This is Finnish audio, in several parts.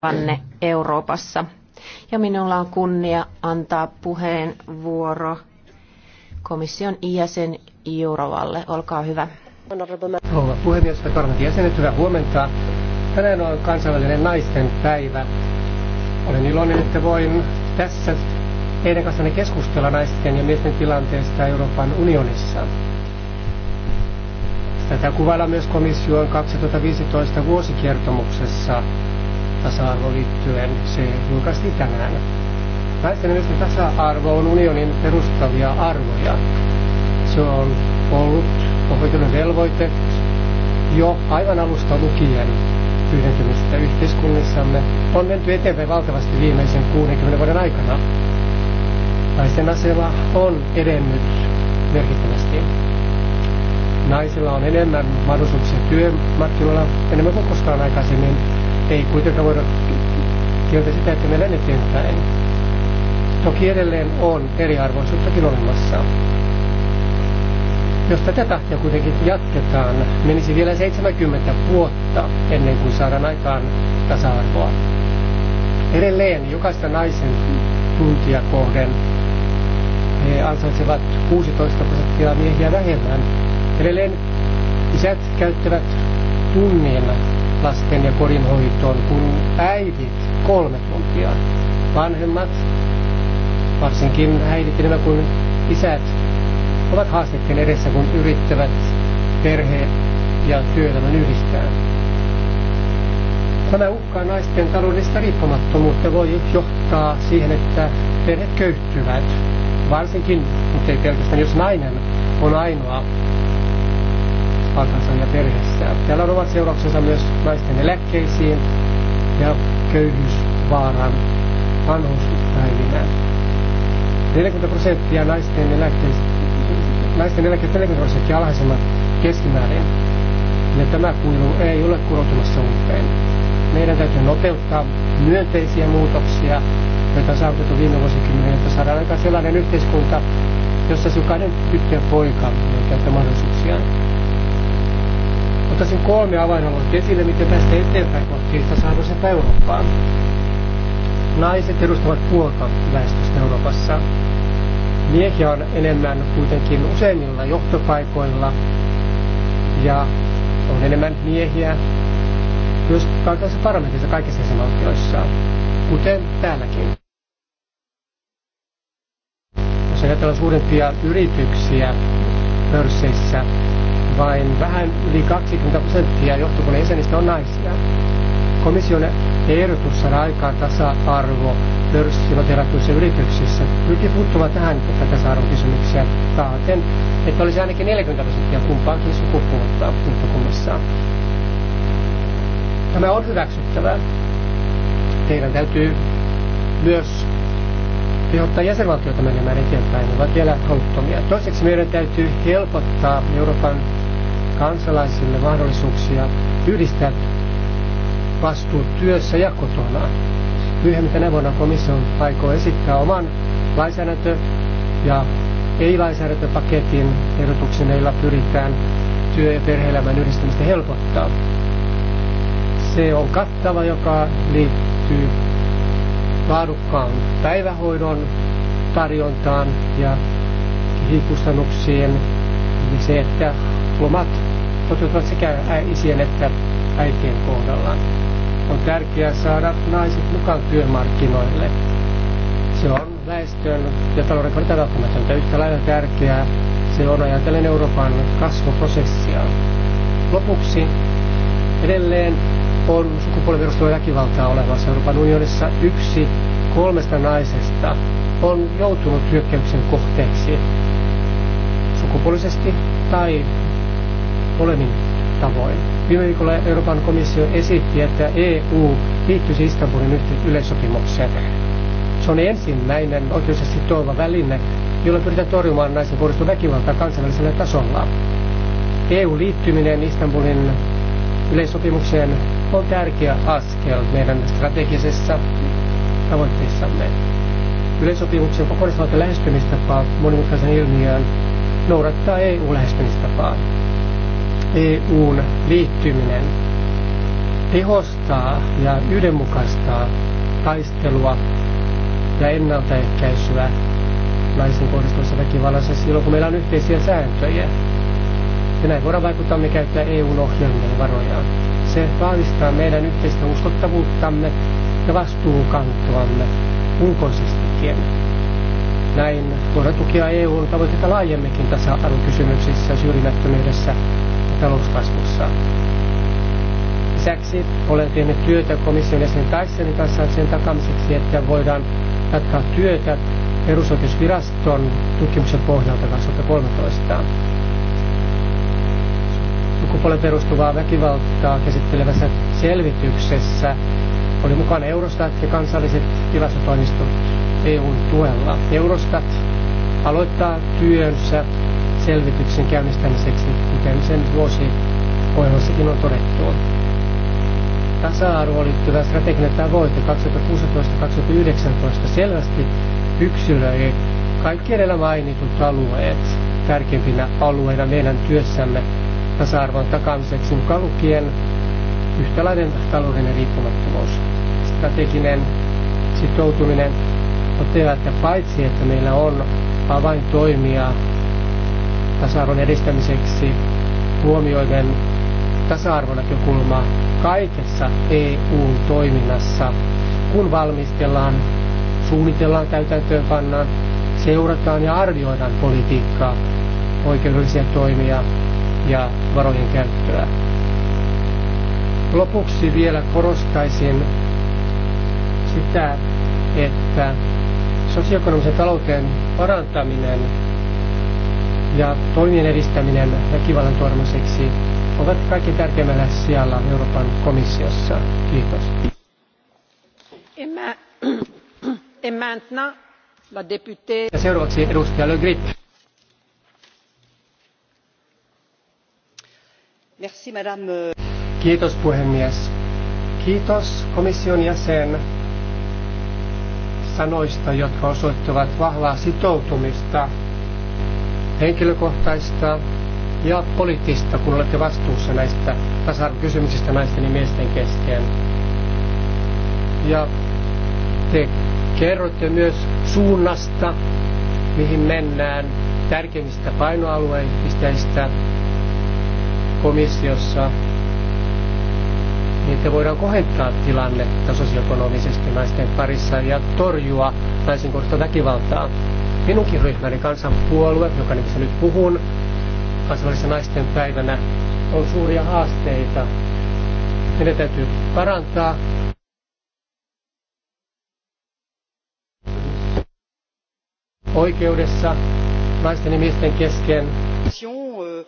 tilanne Euroopassa. Ja minulla on kunnia antaa puheenvuoro komission jäsen Jurovalle. Olkaa hyvä. Rouva puhemies, parlamentin jäsenet, hyvää huomenta. Tänään on kansainvälinen naisten päivä. Olen iloinen, että voin tässä teidän kanssanne keskustella naisten ja miesten tilanteesta Euroopan unionissa. Tätä kuvaillaan myös komission 2015 vuosikertomuksessa tasa-arvoon liittyen. Se julkaistiin tänään. Naisten miesten tasa-arvo on unionin perustavia arvoja. Se on ollut oikeuden velvoite jo aivan alusta lukien yhdentymistä yhteiskunnissamme. On menty eteenpäin valtavasti viimeisen 60 vuoden aikana. Naisten asema on edennyt merkittävästi. Naisilla on enemmän mahdollisuuksia työmarkkinoilla enemmän kuin koskaan aikaisemmin nyt ei kuitenkaan voida kieltä sitä, että mennään eteenpäin. Toki edelleen on eriarvoisuuttakin olemassa. Jos tätä tahtia kuitenkin jatketaan, menisi vielä 70 vuotta ennen kuin saadaan aikaan tasa-arvoa. Edelleen jokaista naisen tuntia kohden he ansaitsevat 16 prosenttia miehiä vähemmän. Edelleen isät käyttävät tunnin lasten ja kodinhoitoon kun äidit kolme tuntia. Vanhemmat, varsinkin äidit enemmän kuin isät, ovat haasteiden edessä, kun yrittävät perhe- ja työelämän yhdistää. Tämä uhkaa naisten taloudellista riippumattomuutta voi johtaa siihen, että perheet köyhtyvät. Varsinkin, mutta ei pelkästään, jos nainen on ainoa ja perheessä. Tällä on omat seurauksensa myös naisten eläkkeisiin ja köyhyysvaaran vanhuuspäivinä. 40 prosenttia naisten eläkkeistä, naisten eläkkeistä 40 prosenttia alhaisemmat keskimäärin. Ja tämä kuilu ei ole kurotumassa umpeen. Meidän täytyy nopeuttaa myönteisiä muutoksia, joita on saavutettu viime vuosikymmenen, jotta saadaan aika sellainen yhteiskunta, jossa jokainen tyttö ja poika voi käyttää mahdollisuuksiaan. Ottaisin kolme avainaluetta esille, miten tästä eteenpäin kohti tasa-arvoisempaa Eurooppaa. Naiset edustavat puolta väestöstä Euroopassa. Miehiä on enemmän kuitenkin useimmilla johtopaikoilla ja on enemmän miehiä myös kaikissa parlamentissa kaikissa jäsenvaltioissa, kuten täälläkin. Jos ajatellaan suurempia yrityksiä pörsseissä, vain vähän yli 20 prosenttia johtokunnan jäsenistä on naisia. Komission ehdotus saada aikaan tasa-arvo pörssinoteratuissa yrityksissä pyrkii puuttumaan tähän tasa arvokysymyksiä taaten, että olisi ainakin 40 prosenttia kumpaankin sukupuolta johtokunnassa. Tämä on hyväksyttävää. Teidän täytyy myös jotta jäsenvaltioita menemään eteenpäin, ne ovat vielä haluttomia. Toiseksi meidän täytyy helpottaa Euroopan kansalaisille mahdollisuuksia yhdistää vastuu työssä ja kotona. Myöhemmin tänä vuonna komissio aikoo esittää oman lainsäädäntö- ja ei-lainsäädäntöpaketin ehdotuksen, joilla pyritään työ- ja perhe-elämän yhdistämistä helpottaa. Se on kattava, joka liittyy laadukkaan päivähoidon tarjontaan ja kustannuksien niin se, että lomat toteutuvat sekä isien että äitien kohdalla. On tärkeää saada naiset mukaan työmarkkinoille. Se on väestön ja talouden kannalta välttämätöntä. Yhtä lailla tärkeää se on ajatellen Euroopan kasvuprosessia. Lopuksi edelleen on sukupuoliverustuva väkivaltaa olemassa Euroopan unionissa. Yksi kolmesta naisesta on joutunut hyökkäyksen kohteeksi sukupuolisesti tai molemmin tavoin. Viime viikolla Euroopan komissio esitti, että EU liittyisi Istanbulin yleissopimukseen. Se on ensimmäinen oikeudessa sitova väline, jolla pyritään torjumaan naisen kohdistun väkivaltaa kansainvälisellä tasolla. EU-liittyminen Istanbulin yleissopimukseen on tärkeä askel meidän strategisessa tavoitteissamme. Yleissopimuksen kokonaisvaltainen lähestymistapa monimutkaisen ilmiön noudattaa EU-lähestymistapaa. EUn liittyminen tehostaa ja yhdenmukaistaa taistelua ja ennaltaehkäisyä naisiin kohdistuvassa väkivallassa silloin, kun meillä on yhteisiä sääntöjä. Ja näin voidaan vaikuttaa me käyttää EUn ohjelmia varoja. Se vahvistaa meidän yhteistä uskottavuuttamme ja vastuunkantoamme ulkoisestikin. Näin voidaan tukea EUn tavoitteita laajemminkin tasa-arvokysymyksissä, syrjimättömyydessä ja talouskasvussa. Lisäksi olen tehnyt työtä komission jäsen Tysonin kanssa sen takamiseksi, että voidaan jatkaa työtä perusoikeusviraston tutkimuksen pohjalta 2013 sukupuolen perustuvaa väkivaltaa käsittelevässä selvityksessä oli mukana Eurostat ja kansalliset tilastotoimistot EUn tuella. Eurostat aloittaa työnsä selvityksen käynnistämiseksi, kuten sen vuosiohjelmassakin on todettu. Tasa-arvoon liittyvä strateginen tavoite 2016-2019 selvästi yksilöi kaikki edellä mainitut alueet tärkeimpinä alueina meidän työssämme tasa-arvon takaamiseksi mukaan lukien yhtäläinen taloudellinen riippumattomuus, strateginen sitoutuminen toteavat, että paitsi että meillä on avaintoimia tasa-arvon edistämiseksi huomioiden tasa-arvonäkökulma kaikessa EU-toiminnassa, kun valmistellaan, suunnitellaan täytäntöönpannaan, seurataan ja arvioidaan politiikkaa, oikeudellisia toimia ja varojen käyttöä. Lopuksi vielä korostaisin sitä, että sosioekonomisen talouteen parantaminen ja toimien edistäminen väkivallan tuomiseksi ovat kaikki tärkeimmällä sijalla Euroopan komissiossa. Kiitos. Ja seuraavaksi edustaja Le Grip. Kiitos puhemies. Kiitos komission jäsen sanoista, jotka osoittavat vahvaa sitoutumista henkilökohtaista ja poliittista, kun olette vastuussa näistä tasa kysymyksistä naisten ja miesten kesken. Ja te kerrotte myös suunnasta, mihin mennään tärkeimmistä painoalueista komissiossa niiden voidaan kohentaa tilannetta sosioekonomisesti naisten parissa ja torjua naisen kohdista väkivaltaa. Minunkin ryhmäni kansanpuolue, joka nimissä nyt puhun, kansainvälisenä naisten päivänä, on suuria haasteita. Meidän täytyy parantaa oikeudessa naisten ja miesten kesken. Euh,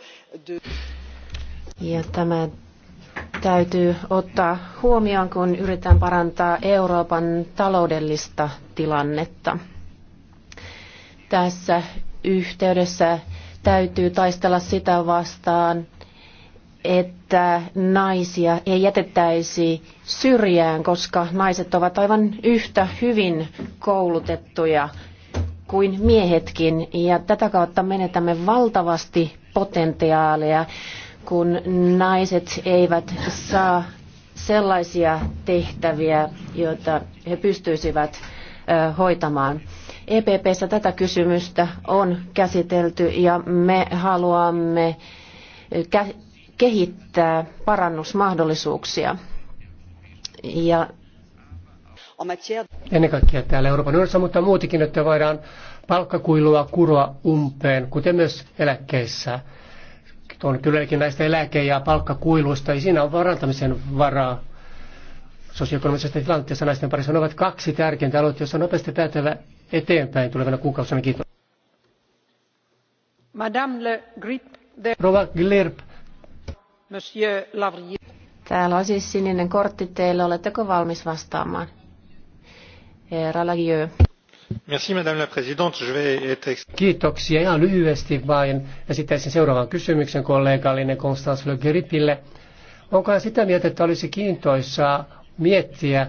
ja tämä täytyy ottaa huomioon, kun yritetään parantaa Euroopan taloudellista tilannetta. Tässä yhteydessä täytyy taistella sitä vastaan, että naisia ei jätettäisi syrjään, koska naiset ovat aivan yhtä hyvin koulutettuja kuin miehetkin. Ja tätä kautta menetämme valtavasti potentiaalia kun naiset eivät saa sellaisia tehtäviä, joita he pystyisivät hoitamaan. EPPssä tätä kysymystä on käsitelty ja me haluamme kehittää parannusmahdollisuuksia. Ja Ennen kaikkea täällä Euroopan unionissa, mutta muutenkin, että voidaan palkkakuilua kuroa umpeen, kuten myös eläkkeissä on kylläkin näistä eläke- ja palkkakuiluista, ja siinä on varantamisen varaa sosioekonomisesta tilanteessa naisten parissa. Ne ovat kaksi tärkeintä aloitetta, joissa on nopeasti päätävä eteenpäin tulevana kuukausina. Kiitos. Madame le Grip de... Rova Glirp. Monsieur Lavrier. Täällä on siis sininen kortti teille. Oletteko valmis vastaamaan? Herra Lagieux. Kiitoksia. Ihan lyhyesti vain esittäisin seuraavan kysymyksen kollegallinen Konstans Le Gripille. Onko sitä mieltä, että olisi kiintoisaa miettiä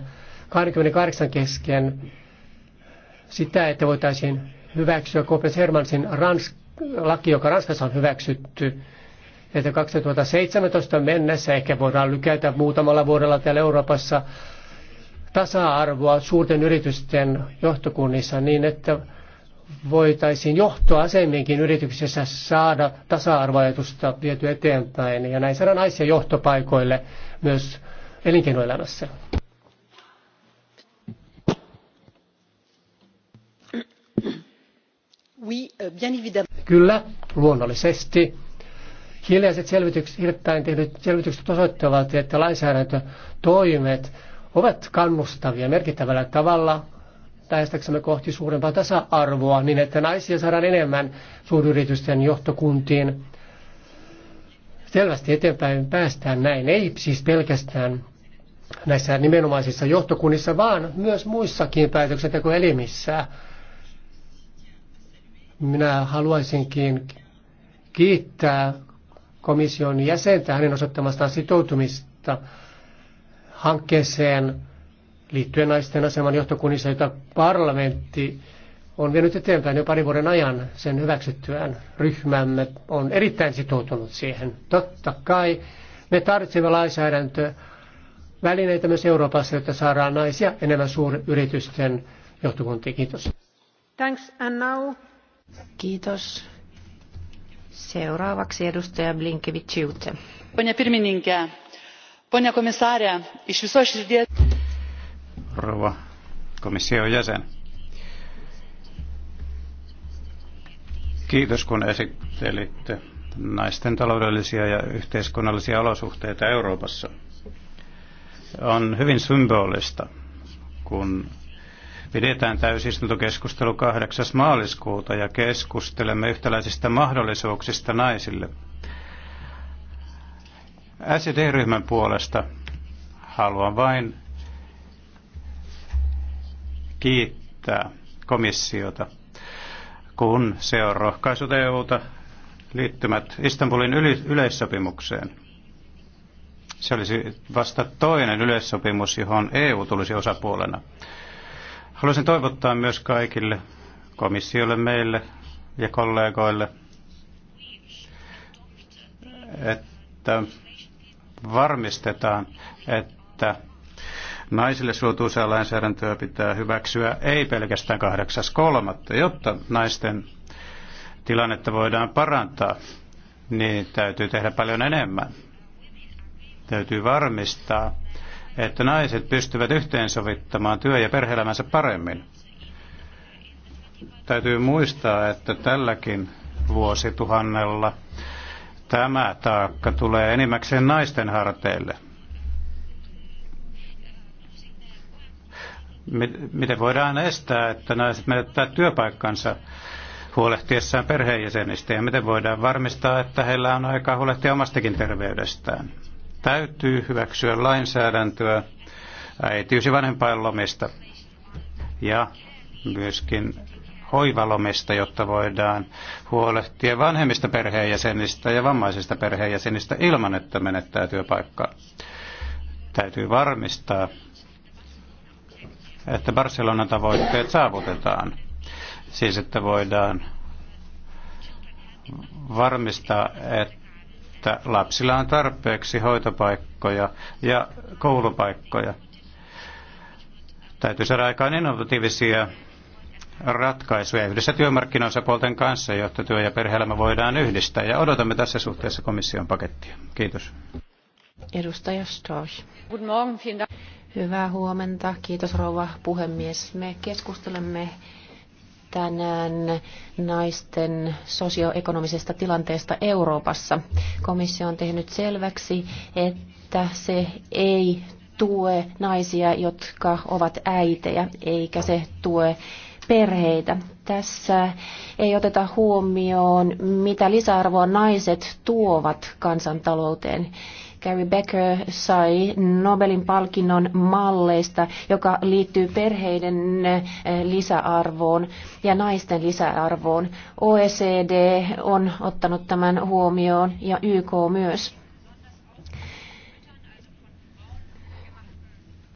28 kesken sitä, että voitaisiin hyväksyä Kopenhagen Hermansin ransk- laki, joka Ranskassa on hyväksytty, että 2017 mennessä ehkä voidaan lykätä muutamalla vuodella täällä Euroopassa tasa-arvoa suurten yritysten johtokunnissa niin, että voitaisiin johtoasemienkin yrityksessä saada tasa-arvoajatusta viety eteenpäin ja näin saada naisia johtopaikoille myös elinkeinoelämässä. Euh, Kyllä, luonnollisesti. Hiljaiset selvitykset, hiljattain tehdyt selvitykset osoittavat, että lainsäädäntötoimet ovat kannustavia merkittävällä tavalla lähestäksemme kohti suurempaa tasa-arvoa niin, että naisia saadaan enemmän suuryritysten johtokuntiin. Selvästi eteenpäin päästään näin, ei siis pelkästään näissä nimenomaisissa johtokunnissa, vaan myös muissakin päätöksentekoelimissä. Minä haluaisinkin kiittää komission jäsentä hänen osoittamastaan sitoutumista hankkeeseen liittyen naisten aseman johtokunnissa, jota parlamentti on vienyt eteenpäin jo parin vuoden ajan sen hyväksyttyään. Ryhmämme on erittäin sitoutunut siihen. Totta kai me tarvitsemme lainsäädäntö välineitä myös Euroopassa, jotta saadaan naisia enemmän suuryritysten johtokuntiin. Kiitos. Thanks and now. Kiitos. Seuraavaksi edustaja blinkevi Pone pirmininkää, Pone komisarė, iš širdies. Rouva komission jäsen. Kiitos kun esittelitte naisten taloudellisia ja yhteiskunnallisia olosuhteita Euroopassa. On hyvin symbolista, kun pidetään täysistuntokeskustelu 8. maaliskuuta ja keskustelemme yhtäläisistä mahdollisuuksista naisille – SED-ryhmän puolesta haluan vain kiittää komissiota, kun se on rohkaisut EUta liittymät Istanbulin yleissopimukseen. Se olisi vasta toinen yleissopimus, johon EU tulisi osapuolena. Haluaisin toivottaa myös kaikille komissiolle, meille ja kollegoille, että varmistetaan, että naisille suotuisaa lainsäädäntöä pitää hyväksyä ei pelkästään 8.3. Jotta naisten tilannetta voidaan parantaa, niin täytyy tehdä paljon enemmän. Täytyy varmistaa, että naiset pystyvät yhteensovittamaan työ- ja perheelämänsä paremmin. Täytyy muistaa, että tälläkin vuosituhannella – Tämä taakka tulee enimmäkseen naisten harteille. Miten voidaan estää, että naiset menettää työpaikkansa huolehtiessaan perheenjäsenistä ja miten voidaan varmistaa, että heillä on aikaa huolehtia omastakin terveydestään? Täytyy hyväksyä lainsäädäntöä äitiys- ja vanhempainlomista ja myöskin hoivalomista, jotta voidaan huolehtia vanhemmista perheenjäsenistä ja vammaisista perheenjäsenistä ilman, että menettää työpaikkaa. Täytyy varmistaa, että Barcelonan tavoitteet saavutetaan. Siis, että voidaan varmistaa, että lapsilla on tarpeeksi hoitopaikkoja ja koulupaikkoja. Täytyy saada aikaan innovatiivisia ratkaisuja yhdessä työmarkkinaosapuolten kanssa, jotta työ- ja perheelämä voidaan yhdistää. Ja odotamme tässä suhteessa komission pakettia. Kiitos. Edustaja Storch. Hyvää huomenta. Kiitos rouva puhemies. Me keskustelemme tänään naisten sosioekonomisesta tilanteesta Euroopassa. Komissio on tehnyt selväksi, että se ei tue naisia, jotka ovat äitejä, eikä se tue perheitä. Tässä ei oteta huomioon, mitä lisäarvoa naiset tuovat kansantalouteen. Gary Becker sai Nobelin palkinnon malleista, joka liittyy perheiden eh, lisäarvoon ja naisten lisäarvoon. OECD on ottanut tämän huomioon ja YK myös.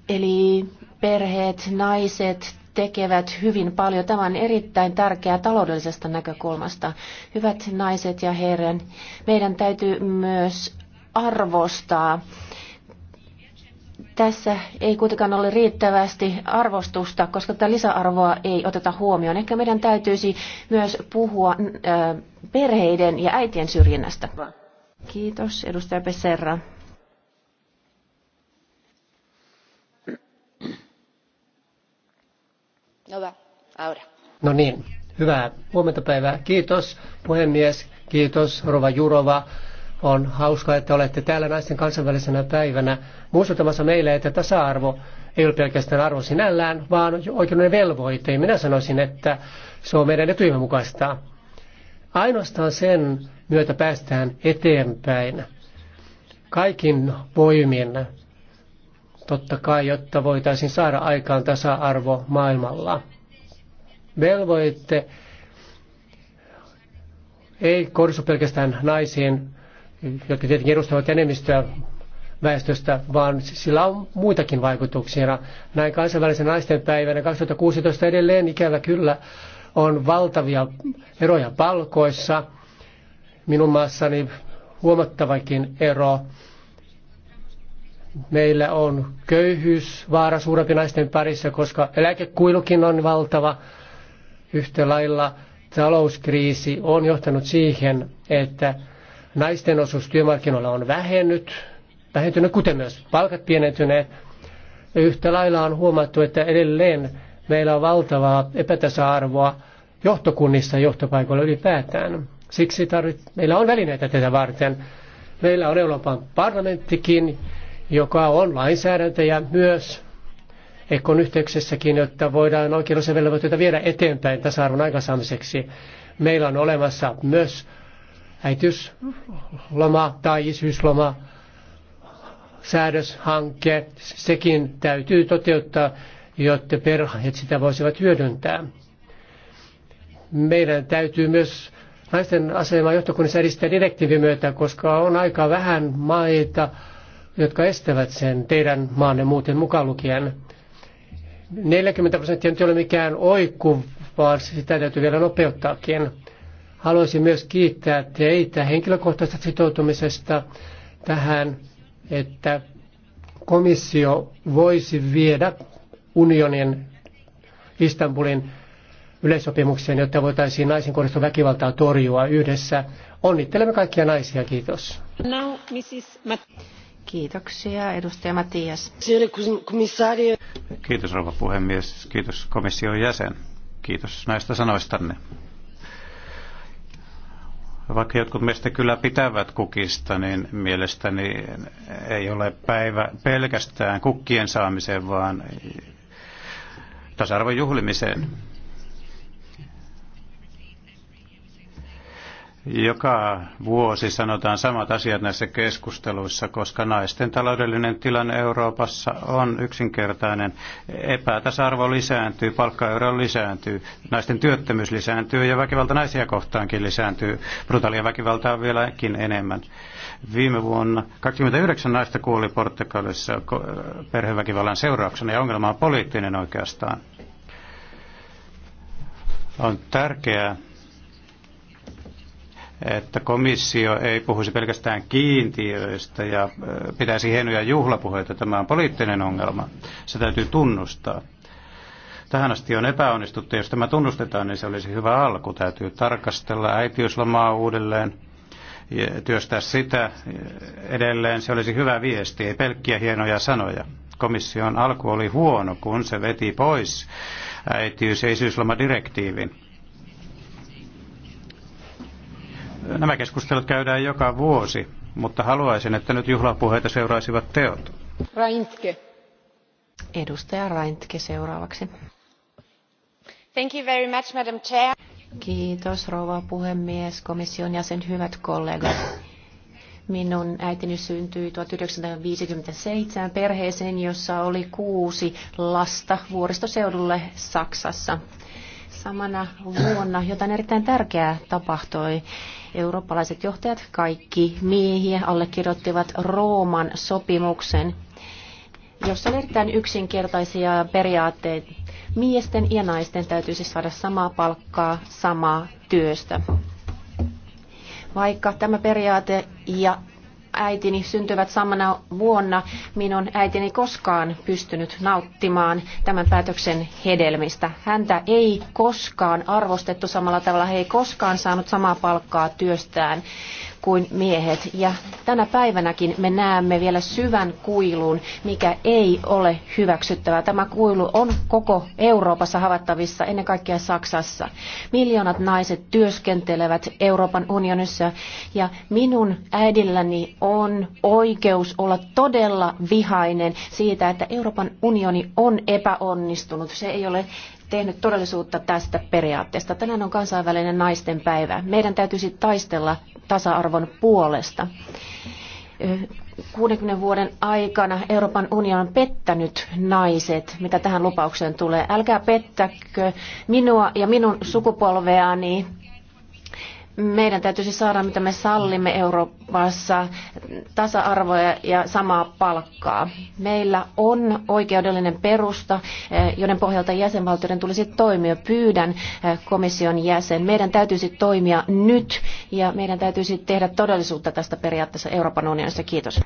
Eli perheet, naiset tekevät hyvin paljon. Tämä on erittäin tärkeää taloudellisesta näkökulmasta. Hyvät naiset ja herren, meidän täytyy myös arvostaa. Tässä ei kuitenkaan ole riittävästi arvostusta, koska tätä lisäarvoa ei oteta huomioon. Ehkä meidän täytyisi myös puhua äh, perheiden ja äitien syrjinnästä. Kiitos, edustaja Peserra. No va, ahora. No niin, hyvää huomenta päivää. Kiitos puhemies, kiitos Rova Jurova. On hauska, että olette täällä naisten kansainvälisenä päivänä muistuttamassa meille, että tasa-arvo ei ole pelkästään arvo sinällään, vaan oikeuden velvoite. minä sanoisin, että se on meidän etujemme mukaista. Ainoastaan sen myötä päästään eteenpäin kaikin voimin totta kai, jotta voitaisiin saada aikaan tasa-arvo maailmalla. Velvoitte ei kohdistu pelkästään naisiin, jotka tietenkin edustavat enemmistöä väestöstä, vaan sillä on muitakin vaikutuksia. Näin kansainvälisen naisten päivänä 2016 edelleen ikävä kyllä on valtavia eroja palkoissa. Minun maassani huomattavakin ero meillä on vaara suurempi naisten parissa, koska eläkekuilukin on valtava. Yhtä lailla talouskriisi on johtanut siihen, että naisten osuus työmarkkinoilla on vähennyt, vähentynyt, kuten myös palkat pienentyneet. Yhtä lailla on huomattu, että edelleen meillä on valtavaa epätasa-arvoa johtokunnissa ja johtopaikoilla ylipäätään. Siksi tarvit, meillä on välineitä tätä varten. Meillä on Euroopan parlamenttikin, joka on ja myös Ekon yhteyksessäkin, jotta voidaan oikeudellisia velvoitteita viedä eteenpäin tasa-arvon aikaansaamiseksi. Meillä on olemassa myös äitiysloma tai isyysloma säädöshanke. Sekin täytyy toteuttaa, jotta perheet sitä voisivat hyödyntää. Meidän täytyy myös naisten asemaa johtokunnissa edistää direktiivin myötä, koska on aika vähän maita, jotka estävät sen teidän maanne muuten mukaan lukien. 40 prosenttia nyt ei ole mikään oikku, vaan sitä täytyy vielä nopeuttaakin. Haluaisin myös kiittää teitä henkilökohtaisesta sitoutumisesta tähän, että komissio voisi viedä unionin Istanbulin yleissopimukseen, jotta voitaisiin naisen kohdistuvaa väkivaltaa torjua yhdessä. Onnittelemme kaikkia naisia, kiitos. Now, Mrs. Kiitoksia, edustaja Matias. Kiitos, rouva puhemies. Kiitos komission jäsen. Kiitos näistä sanoistanne. Vaikka jotkut meistä kyllä pitävät kukista, niin mielestäni ei ole päivä pelkästään kukkien saamiseen, vaan tasa-arvon juhlimiseen. Joka vuosi sanotaan samat asiat näissä keskusteluissa, koska naisten taloudellinen tilanne Euroopassa on yksinkertainen. Epätasa-arvo lisääntyy, palkkaero lisääntyy, naisten työttömyys lisääntyy ja väkivalta naisia kohtaankin lisääntyy. Brutaalia väkivaltaa vieläkin enemmän. Viime vuonna 29 naista kuoli Portugalissa perheväkivallan seurauksena ja ongelma on poliittinen oikeastaan. On tärkeää, että komissio ei puhuisi pelkästään kiintiöistä ja pitäisi hienoja juhlapuheita. Tämä on poliittinen ongelma. Se täytyy tunnustaa. Tähän asti on epäonnistuttu. Jos tämä tunnustetaan, niin se olisi hyvä alku. Täytyy tarkastella äitiyslomaa uudelleen, työstää sitä edelleen. Se olisi hyvä viesti, ei pelkkiä hienoja sanoja. Komission alku oli huono, kun se veti pois äitiys- ja isyyslomadirektiivin nämä keskustelut käydään joka vuosi, mutta haluaisin, että nyt juhlapuheita seuraisivat teot. Raintke. Edustaja Raintke seuraavaksi. Thank you very much, Madam Chair. Kiitos rouva puhemies, komission jäsen, hyvät kollegat. Minun äitini syntyi 1957 perheeseen, jossa oli kuusi lasta vuoristoseudulle Saksassa samana vuonna jotain erittäin tärkeää tapahtui. Eurooppalaiset johtajat, kaikki miehiä, allekirjoittivat Rooman sopimuksen, jossa on erittäin yksinkertaisia periaatteita. Miesten ja naisten täytyisi saada samaa palkkaa samaa työstä. Vaikka tämä periaate ja äitini syntyvät samana vuonna, minun äitini koskaan pystynyt nauttimaan tämän päätöksen hedelmistä. Häntä ei koskaan arvostettu samalla tavalla, he ei koskaan saanut samaa palkkaa työstään kuin miehet. Ja tänä päivänäkin me näemme vielä syvän kuilun, mikä ei ole hyväksyttävää. Tämä kuilu on koko Euroopassa havaittavissa, ennen kaikkea Saksassa. Miljoonat naiset työskentelevät Euroopan unionissa ja minun äidilläni on oikeus olla todella vihainen siitä, että Euroopan unioni on epäonnistunut. Se ei ole tehnyt todellisuutta tästä periaatteesta. Tänään on kansainvälinen naisten päivä. Meidän täytyisi taistella tasa-arvon puolesta. 60 vuoden aikana Euroopan unioni on pettänyt naiset, mitä tähän lupaukseen tulee. Älkää pettäkö minua ja minun sukupolveani meidän täytyisi saada, mitä me sallimme Euroopassa, tasa-arvoja ja samaa palkkaa. Meillä on oikeudellinen perusta, eh, joiden pohjalta jäsenvaltioiden tulisi toimia. Pyydän eh, komission jäsen. Meidän täytyisi toimia nyt ja meidän täytyisi tehdä todellisuutta tästä periaatteessa Euroopan unionissa. Kiitos.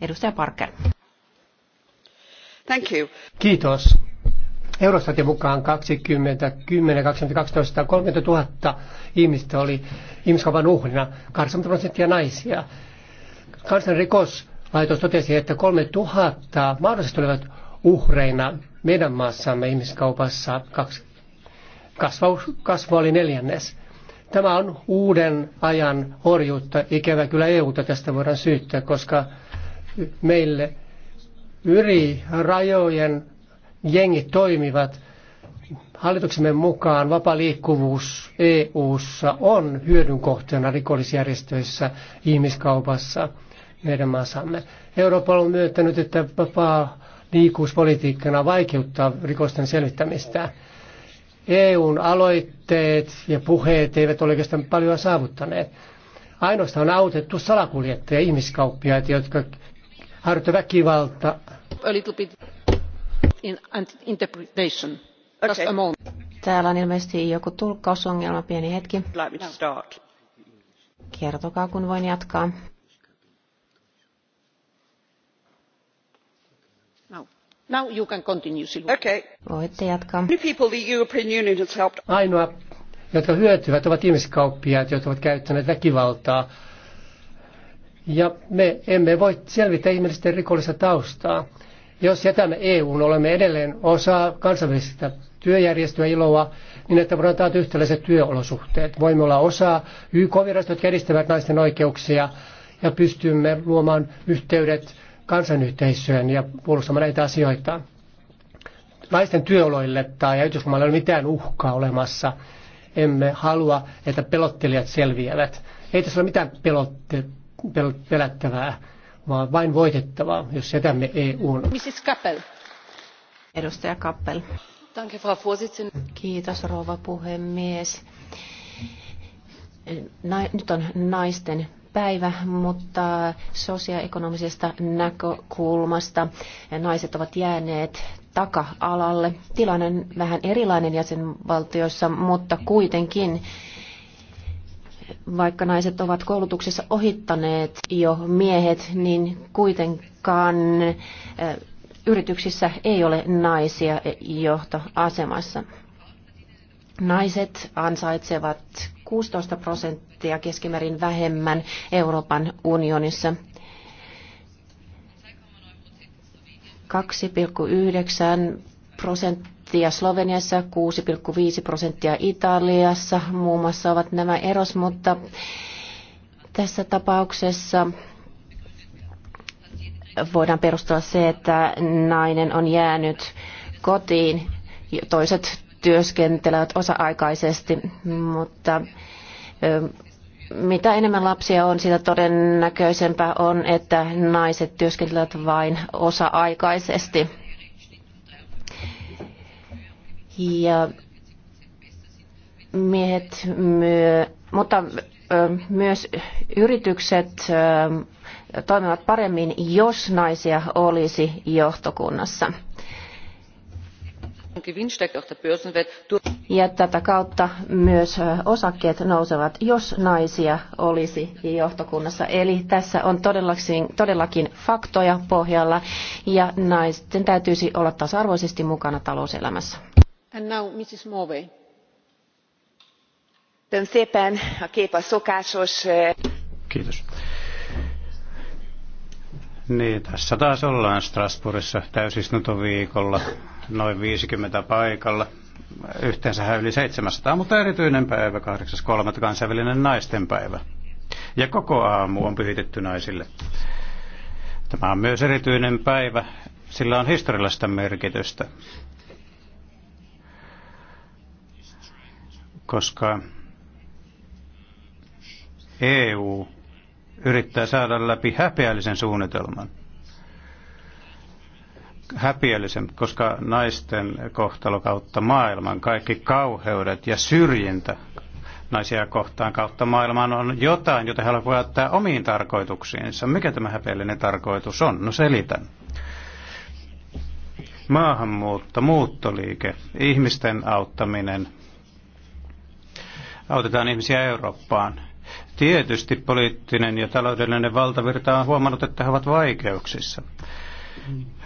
Edustaja Parker. Thank you. Kiitos Eurostatin mukaan 20, 10, 2012 30 000 ihmistä oli ihmiskaupan uhrina, 80 prosenttia naisia. Kansan rikoslaitos totesi, että 3000 mahdollisesti olivat uhreina meidän maassamme ihmiskaupassa. Kaksi, kasvu oli neljännes. Tämä on uuden ajan horjuutta. Ikävä kyllä EUta tästä voidaan syyttää, koska meille yli rajojen jengit toimivat. Hallituksemme mukaan vapaa liikkuvuus EU-ssa on hyödyn kohteena rikollisjärjestöissä ihmiskaupassa meidän maassamme. Euroopan on myöntänyt, että vapaa liikkuvuuspolitiikkana vaikeuttaa rikosten selvittämistä. EUn aloitteet ja puheet eivät ole oikeastaan paljon saavuttaneet. Ainoastaan on autettu salakuljettajia ja ihmiskauppiaita, jotka harjoittavat väkivalta interpretation. Täällä on ilmeisesti joku tulkkausongelma, pieni hetki. No. Kertokaa, kun voin jatkaa. No. Now you can continue, okay. Voitte jatkaa. Ainoa, jotka hyötyvät, ovat ihmiskauppiaat, jotka ovat käyttäneet väkivaltaa. Ja me emme voi selvittää ihmisten rikollista taustaa. Jos jätämme EUn, olemme edelleen osa kansainvälistä työjärjestöä iloa, niin että voidaan taata yhtäläiset työolosuhteet. Voimme olla osa YK-virastoja, jotka edistävät naisten oikeuksia ja pystymme luomaan yhteydet kansanyhteisöön ja puolustamaan näitä asioita. Naisten työoloille tai äitiyslomalle ei ole mitään uhkaa olemassa. Emme halua, että pelottelijat selviävät. Ei tässä ole mitään pelotte, pel, pelättävää vaan vain voitettavaa, jos jätämme EUn. Mrs. Kappel. Edustaja Kappel. Danke, Frau Kiitos, rouva puhemies. nyt on naisten päivä, mutta sosioekonomisesta näkökulmasta naiset ovat jääneet taka-alalle. Tilanne on vähän erilainen jäsenvaltioissa, mutta kuitenkin vaikka naiset ovat koulutuksessa ohittaneet jo miehet, niin kuitenkaan yrityksissä ei ole naisia johtoasemassa. Naiset ansaitsevat 16 prosenttia keskimäärin vähemmän Euroopan unionissa. 2,9 prosenttia prosenttia Sloveniassa, 6,5 prosenttia Italiassa muun muassa ovat nämä eros, mutta tässä tapauksessa voidaan perustella se, että nainen on jäänyt kotiin, toiset työskentelevät osa-aikaisesti, mutta mitä enemmän lapsia on, sitä todennäköisempää on, että naiset työskentelevät vain osa-aikaisesti. Ja miehet, myö, mutta myös yritykset toimivat paremmin, jos naisia olisi johtokunnassa. Ja tätä kautta myös osakkeet nousevat, jos naisia olisi johtokunnassa. Eli tässä on todellakin, todellakin faktoja pohjalla ja naisten täytyisi olla tasa-arvoisesti mukana talouselämässä a kép a szokásos. Niin, tässä taas ollaan Strasbourgissa viikolla noin 50 paikalla, yhteensä yli 700, mutta erityinen päivä, 8.3. kansainvälinen naistenpäivä. Ja koko aamu on pyhitetty naisille. Tämä on myös erityinen päivä, sillä on historiallista merkitystä. koska EU yrittää saada läpi häpeällisen suunnitelman. Häpeällisen, koska naisten kohtalo kautta maailman, kaikki kauheudet ja syrjintä naisia kohtaan kautta maailman on jotain, jota he voi ottaa omiin tarkoituksiinsa. Mikä tämä häpeällinen tarkoitus on? No selitän. Maahanmuutto, muuttoliike, ihmisten auttaminen, autetaan ihmisiä Eurooppaan. Tietysti poliittinen ja taloudellinen valtavirta on huomannut, että he ovat vaikeuksissa.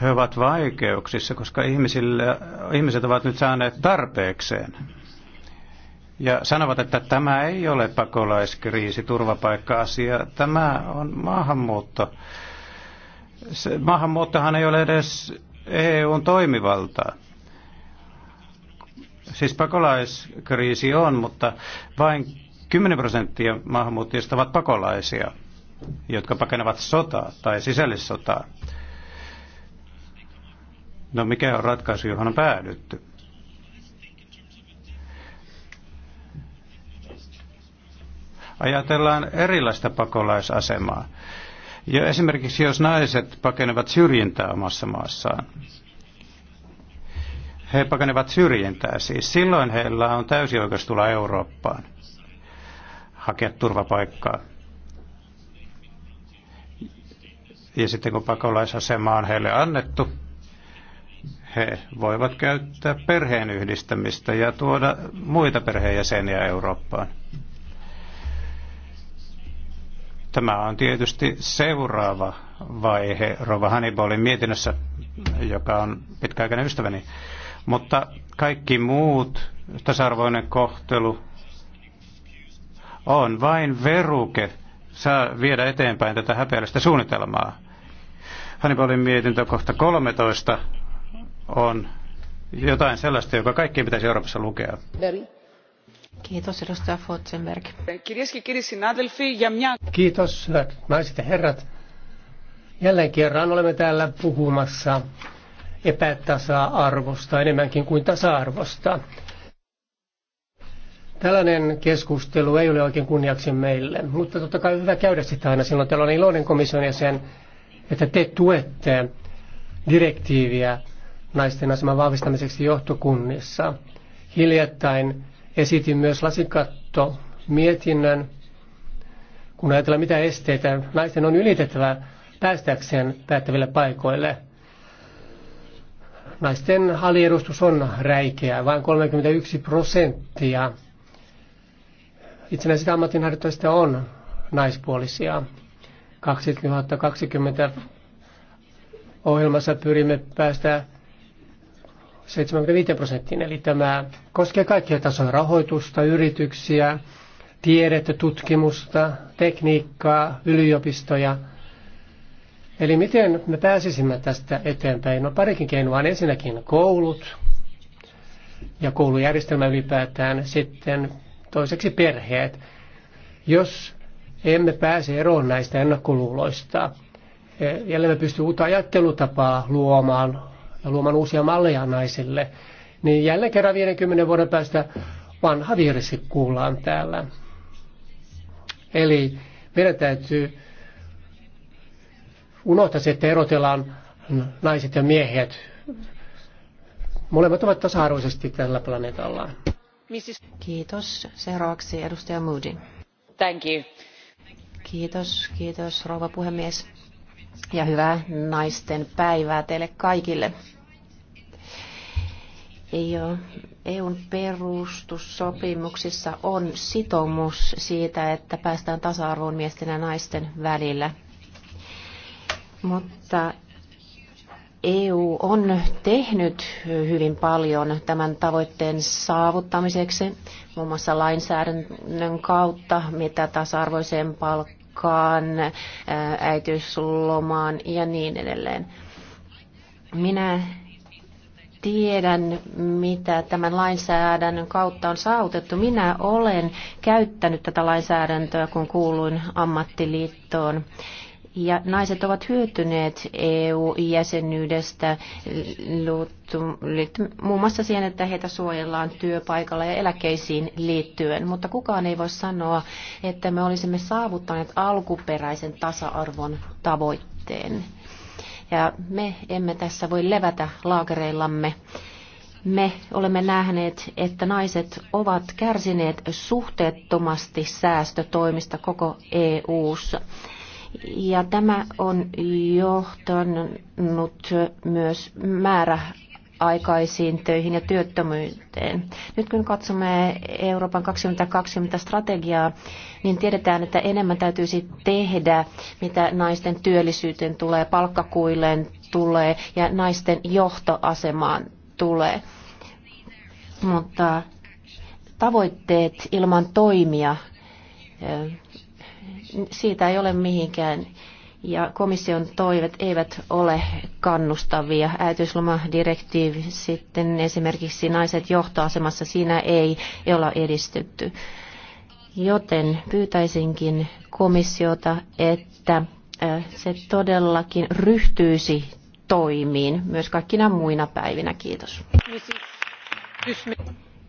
He ovat vaikeuksissa, koska ihmisillä, ihmiset ovat nyt saaneet tarpeekseen. Ja sanovat, että tämä ei ole pakolaiskriisi, turvapaikka-asia, tämä on maahanmuutto. Se, maahanmuuttohan ei ole edes EUn toimivaltaa. Siis pakolaiskriisi on, mutta vain 10 prosenttia maahanmuuttajista ovat pakolaisia, jotka pakenevat sotaa tai sisällissotaa. No mikä on ratkaisu, johon on päädytty? Ajatellaan erilaista pakolaisasemaa. Ja esimerkiksi jos naiset pakenevat syrjintää omassa maassaan, he pakenevat syrjintää siis. Silloin heillä on täysi oikeus tulla Eurooppaan, hakea turvapaikkaa. Ja sitten kun pakolaisasema on heille annettu, he voivat käyttää perheen yhdistämistä ja tuoda muita perheenjäseniä Eurooppaan. Tämä on tietysti seuraava vaihe Rova Hannibalin mietinnössä, joka on pitkäaikainen ystäväni. Mutta kaikki muut tasa-arvoinen kohtelu on vain veruke saa viedä eteenpäin tätä häpeällistä suunnitelmaa. Hannibalin mietintö kohta 13 on jotain sellaista, joka kaikkien pitäisi Euroopassa lukea. Kiitos, edustaja Fotsenberg. Kiitos, hyvät naiset ja herrat. Jälleen kerran olemme täällä puhumassa epätasa-arvosta enemmänkin kuin tasa-arvosta. Tällainen keskustelu ei ole oikein kunniaksi meille, mutta totta kai hyvä käydä sitä aina silloin. Täällä on iloinen komission jäsen, että te tuette direktiiviä naisten aseman vahvistamiseksi johtokunnissa. Hiljattain esitin myös lasikatto mietinnön, kun ajatellaan mitä esteitä naisten on ylitettävä päästäkseen päättäville paikoille. Naisten haliedustus on räikeä, vain 31 prosenttia itsenäisistä ammatinharjoittajista on naispuolisia. 2020 ohjelmassa pyrimme päästä 75 prosenttiin, eli tämä koskee kaikkia tasoja, rahoitusta, yrityksiä, tiedettä, tutkimusta, tekniikkaa, yliopistoja – Eli miten me pääsisimme tästä eteenpäin? No parikin keinoa on ensinnäkin koulut ja koulujärjestelmä ylipäätään, sitten toiseksi perheet. Jos emme pääse eroon näistä ennakkoluuloista, e, ellei me pysty uutta ajattelutapaa luomaan ja luomaan uusia malleja naisille, niin jälleen kerran 50 vuoden päästä vanha virsi kuullaan täällä. Eli meidän täytyy unohtaisi, että erotellaan naiset ja miehet. Molemmat ovat tasa-arvoisesti tällä planeetalla. Kiitos. Seuraavaksi edustaja Moody. Thank you. Kiitos, kiitos rouva puhemies. Ja hyvää naisten päivää teille kaikille. Joo. EUn perustussopimuksissa on sitoumus siitä, että päästään tasa-arvoon miesten ja naisten välillä – mutta EU on tehnyt hyvin paljon tämän tavoitteen saavuttamiseksi, muun muassa lainsäädännön kautta, mitä tasa-arvoiseen palkkaan, äitiyslomaan ja niin edelleen. Minä tiedän, mitä tämän lainsäädännön kautta on saavutettu. Minä olen käyttänyt tätä lainsäädäntöä, kun kuuluin ammattiliittoon. Ja naiset ovat hyötyneet EU-jäsenyydestä muun muassa siihen, että heitä suojellaan työpaikalla ja eläkeisiin liittyen. Mutta kukaan ei voi sanoa, että me olisimme saavuttaneet alkuperäisen tasa-arvon tavoitteen. Ja me emme tässä voi levätä laakereillamme. Me olemme nähneet, että naiset ovat kärsineet suhteettomasti säästötoimista koko EU:ssa. ssa ja tämä on johtanut myös määrä aikaisiin töihin ja työttömyyteen. Nyt kun katsomme Euroopan 2020 strategiaa, niin tiedetään, että enemmän täytyisi tehdä, mitä naisten työllisyyteen tulee, palkkakuilleen tulee ja naisten johtoasemaan tulee. Mutta tavoitteet ilman toimia siitä ei ole mihinkään. Ja komission toivet eivät ole kannustavia. Äitiyslomadirektiivi sitten esimerkiksi naiset johtoasemassa, siinä ei, ole olla edistytty. Joten pyytäisinkin komissiota, että se todellakin ryhtyisi toimiin myös kaikkina muina päivinä. Kiitos.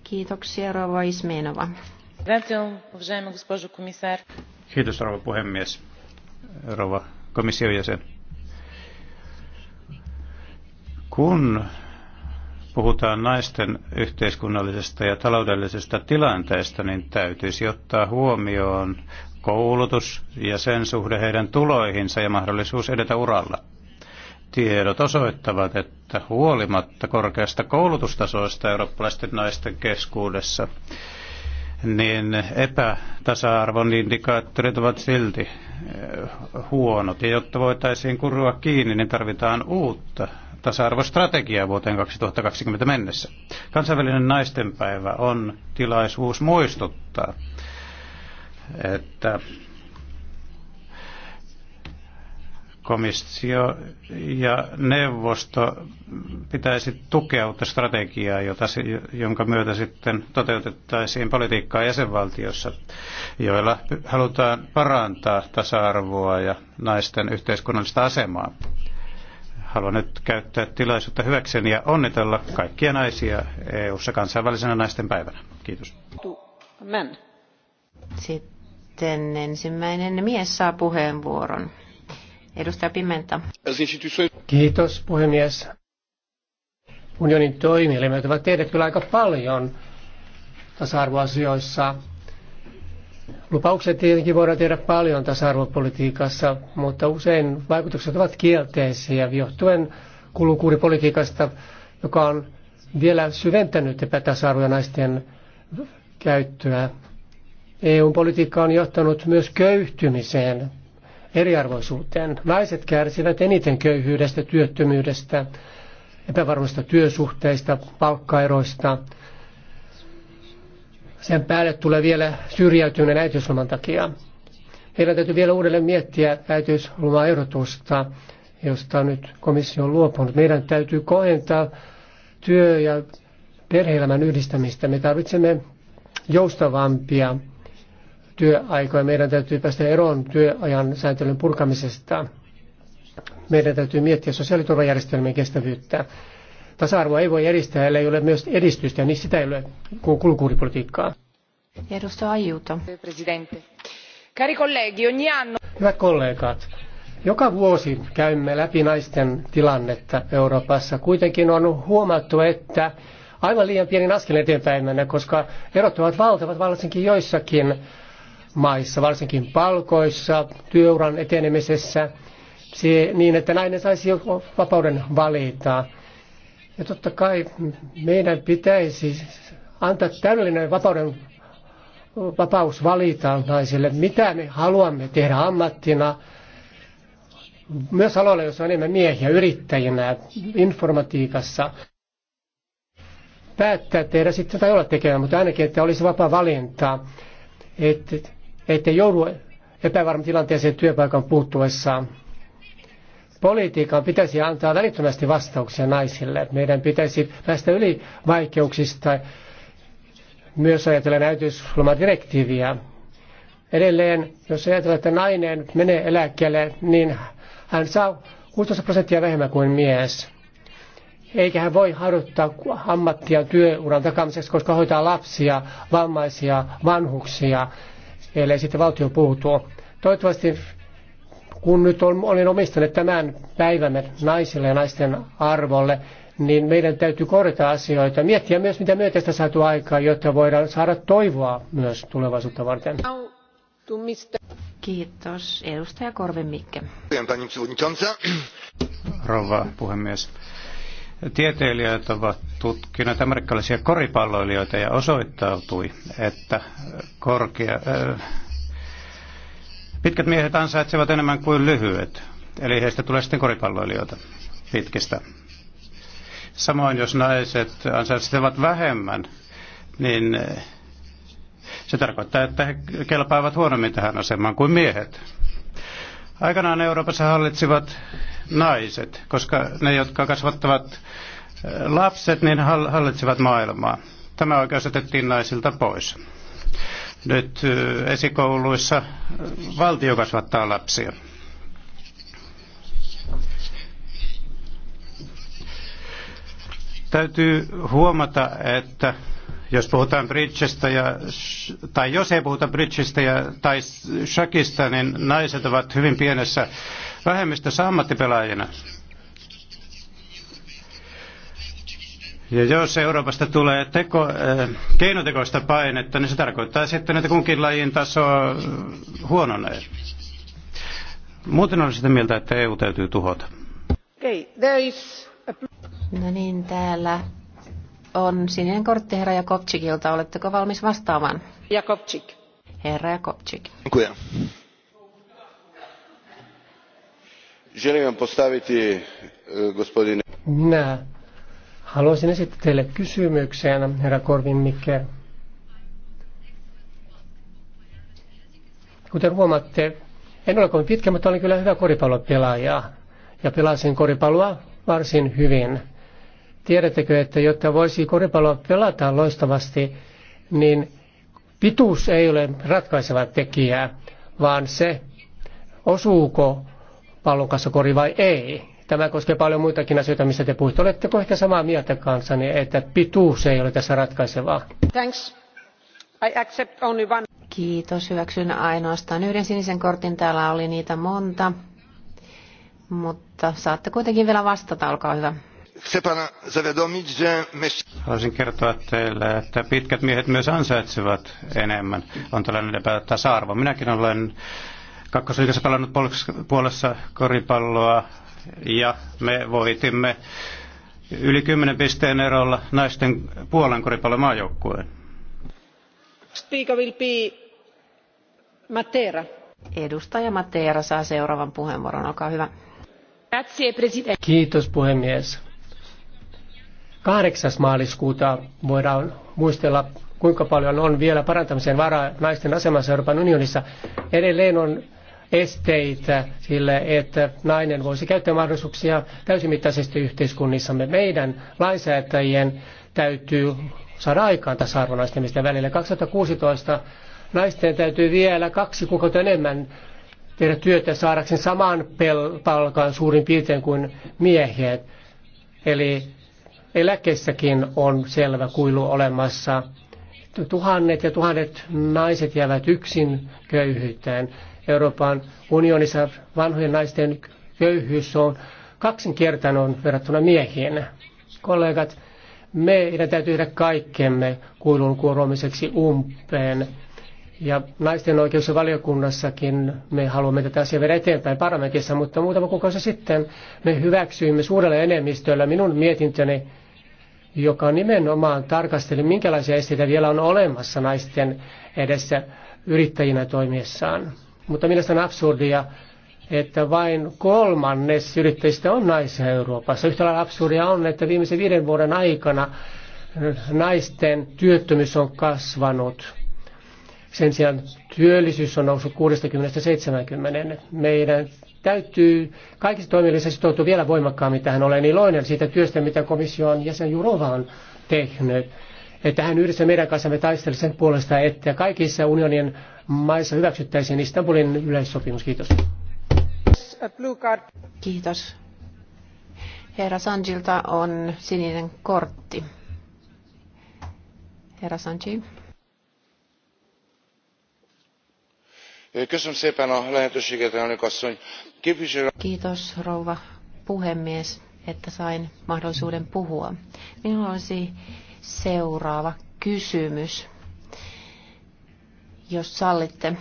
Kiitoksia, Rova Ismenova. Kiitos rouva puhemies, rouva komission jäsen. Kun puhutaan naisten yhteiskunnallisesta ja taloudellisesta tilanteesta, niin täytyisi ottaa huomioon koulutus ja sen suhde heidän tuloihinsa ja mahdollisuus edetä uralla. Tiedot osoittavat, että huolimatta korkeasta koulutustasoista eurooppalaisten naisten keskuudessa niin epätasa-arvon indikaattorit ovat silti eh, huonot. Ja jotta voitaisiin kurua kiinni, niin tarvitaan uutta tasa-arvostrategiaa vuoteen 2020 mennessä. Kansainvälinen naistenpäivä on tilaisuus muistuttaa, että komissio ja neuvosto pitäisi tukea uutta strategiaa, jota, jonka myötä sitten toteutettaisiin politiikkaa jäsenvaltiossa, joilla halutaan parantaa tasa-arvoa ja naisten yhteiskunnallista asemaa. Haluan nyt käyttää tilaisuutta hyväkseni ja onnitella kaikkia naisia EU-ssa kansainvälisenä naisten päivänä. Kiitos. Sitten ensimmäinen mies saa puheenvuoron. Edustaja Pimenta. Kiitos puhemies. Unionin toimielimet ovat tehdä kyllä aika paljon tasa-arvoasioissa. Lupaukset tietenkin voidaan tehdä paljon tasa-arvopolitiikassa, mutta usein vaikutukset ovat kielteisiä johtuen kulukuuripolitiikasta, joka on vielä syventänyt epätasa-arvoja naisten käyttöä. EU-politiikka on johtanut myös köyhtymiseen eriarvoisuuteen. Naiset kärsivät eniten köyhyydestä, työttömyydestä, epävarmoista työsuhteista, palkkaeroista. Sen päälle tulee vielä syrjäytyminen äitiysloman takia. Meidän täytyy vielä uudelleen miettiä äitiysloman ehdotusta, josta nyt komissio on luopunut. Meidän täytyy kohentaa työ- ja perhe-elämän yhdistämistä. Me tarvitsemme joustavampia työaikoja. Meidän täytyy päästä eroon työajan sääntelyn purkamisesta. Meidän täytyy miettiä sosiaaliturvajärjestelmien kestävyyttä. Tasa-arvoa ei voi edistää, ellei ole myös edistystä, niin sitä ei ole kulkuuripolitiikkaa. Edustaja Ajuto. Cari colleghi, ogni anno... Hyvät kollegat, joka vuosi käymme läpi naisten tilannetta Euroopassa. Kuitenkin on huomattu, että aivan liian pienin askel eteenpäin mennä, koska erot ovat valtavat, varsinkin joissakin maissa, varsinkin palkoissa, työuran etenemisessä, se, niin että nainen saisi vapauden valita. Ja totta kai meidän pitäisi antaa täydellinen vapauden, vapaus valita naisille, mitä me haluamme tehdä ammattina, myös aloilla, jos on enemmän miehiä yrittäjinä, informatiikassa, päättää tehdä sitten tai olla tekemään, mutta ainakin, että olisi vapaa valinta. Että ettei joudu epävarman tilanteeseen työpaikan puuttuessaan. Politiikan pitäisi antaa välittömästi vastauksia naisille. Meidän pitäisi päästä yli vaikeuksista, myös ajatellen äitiyslomadirektiiviä. Edelleen, jos ajatellaan, että nainen menee eläkkeelle, niin hän saa 16 prosenttia vähemmän kuin mies. Eikä hän voi harjoittaa ammattia työuran takamiseksi, koska hoitaa lapsia, vammaisia, vanhuksia ellei sitten valtio puutu. Toivottavasti kun nyt on, omistanut tämän päivämme naisille ja naisten arvolle, niin meidän täytyy korjata asioita, miettiä myös mitä tästä saatu aikaa, jotta voidaan saada toivoa myös tulevaisuutta varten. Kiitos. Edustaja Korven Mikke. Rouva puhemies. Tieteilijät ovat tutkinut amerikkalaisia koripalloilijoita ja osoittautui, että korkea, äh, pitkät miehet ansaitsevat enemmän kuin lyhyet. Eli heistä tulee sitten koripalloilijoita pitkistä. Samoin jos naiset ansaitsevat vähemmän, niin äh, se tarkoittaa, että he kelpaavat huonommin tähän asemaan kuin miehet. Aikanaan Euroopassa hallitsivat naiset, koska ne, jotka kasvattavat lapset niin hallitsevat maailmaa. Tämä oikeus otettiin naisilta pois. Nyt esikouluissa valtio kasvattaa lapsia. Täytyy huomata, että jos puhutaan Bridgestä ja, tai jos ei puhuta Bridgestä ja, tai Shakista, niin naiset ovat hyvin pienessä vähemmistössä ammattipelaajina. Ja jos Euroopasta tulee teko, äh, keinotekoista painetta, niin se tarkoittaa sitten, että kunkin lajin taso äh, huononee. Muuten olen sitä mieltä, että EU täytyy tuhota. Okay, there is a... No niin, täällä on sininen kortti herra Jakobczykilta. Oletteko valmis vastaamaan? Jakobczyk. Herra Jakobczyk. Kuja. Želim vam postaviti, gospodine... Nää. Haluaisin esittää teille kysymyksen, herra Korvin Mikke. Kuten huomaatte, en ole kovin pitkä, mutta olin kyllä hyvä koripallopelaaja ja pelasin koripalloa varsin hyvin. Tiedättekö, että jotta voisi koripalloa pelata loistavasti, niin pituus ei ole ratkaiseva tekijä, vaan se, osuuko pallon kanssa kori vai ei. Tämä koskee paljon muitakin asioita, mistä te puhutte. Oletteko ehkä samaa mieltä kanssani, että pituus ei ole tässä ratkaisevaa? Thanks. I accept only one. Kiitos. Hyväksyn ainoastaan yhden sinisen kortin. Täällä oli niitä monta. Mutta saatte kuitenkin vielä vastata. Olkaa hyvä. Haluaisin kertoa teille, että pitkät miehet myös ansaitsevat enemmän. On tällainen epätasa-arvo. Minäkin olen kakkosliikassa pelannut puolessa koripalloa ja me voitimme yli 10 pisteen erolla naisten Puolan koripallon maajoukkueen. Matera. Edustaja Matera saa seuraavan puheenvuoron. Olkaa hyvä. Kiitos puhemies. 8. maaliskuuta voidaan muistella, kuinka paljon on vielä parantamisen varaa naisten asemassa Euroopan unionissa. Edelleen on esteitä sille, että nainen voisi käyttää mahdollisuuksia täysimittaisesti yhteiskunnissamme. Meidän lainsäätäjien täytyy saada aikaan tasa-arvo välillä. 2016 naisten täytyy vielä kaksi kuukautta enemmän tehdä työtä saadakseen saman pel- palkan suurin piirtein kuin miehet. Eli eläkkeessäkin on selvä kuilu olemassa. Tuhannet ja tuhannet naiset jäävät yksin köyhyyteen. Euroopan unionissa vanhojen naisten köyhyys on kaksinkertainen verrattuna miehiin. Kollegat, meidän täytyy tehdä kaikkemme kuilun kuoromiseksi umpeen. Ja naisten ja valiokunnassakin me haluamme tätä asiaa viedä eteenpäin parlamentissa, mutta muutama kuukausi sitten me hyväksyimme suurella enemmistöllä minun mietintöni, joka nimenomaan tarkasteli, minkälaisia esteitä vielä on olemassa naisten edessä yrittäjinä toimiessaan. Mutta mielestäni on absurdia, että vain kolmannes yrittäjistä on naisia Euroopassa. Yhtä lailla absurdia on, että viimeisen viiden vuoden aikana naisten työttömyys on kasvanut. Sen sijaan työllisyys on noussut 60-70. Meidän täytyy kaikissa toimielisissä sitoutua vielä voimakkaammin tähän. Olen iloinen siitä työstä, mitä komission jäsen Jurova on tehnyt että hän yhdessä meidän kanssamme taisteli sen puolesta, että kaikissa unionin maissa hyväksyttäisiin Istanbulin yleissopimus. Kiitos. Kiitos. Herra Sanjilta on sininen kortti. Herra Sanji. Kiitos rouva puhemies, että sain mahdollisuuden puhua. Minulla olisi seuraava kysymys, jos sallitte.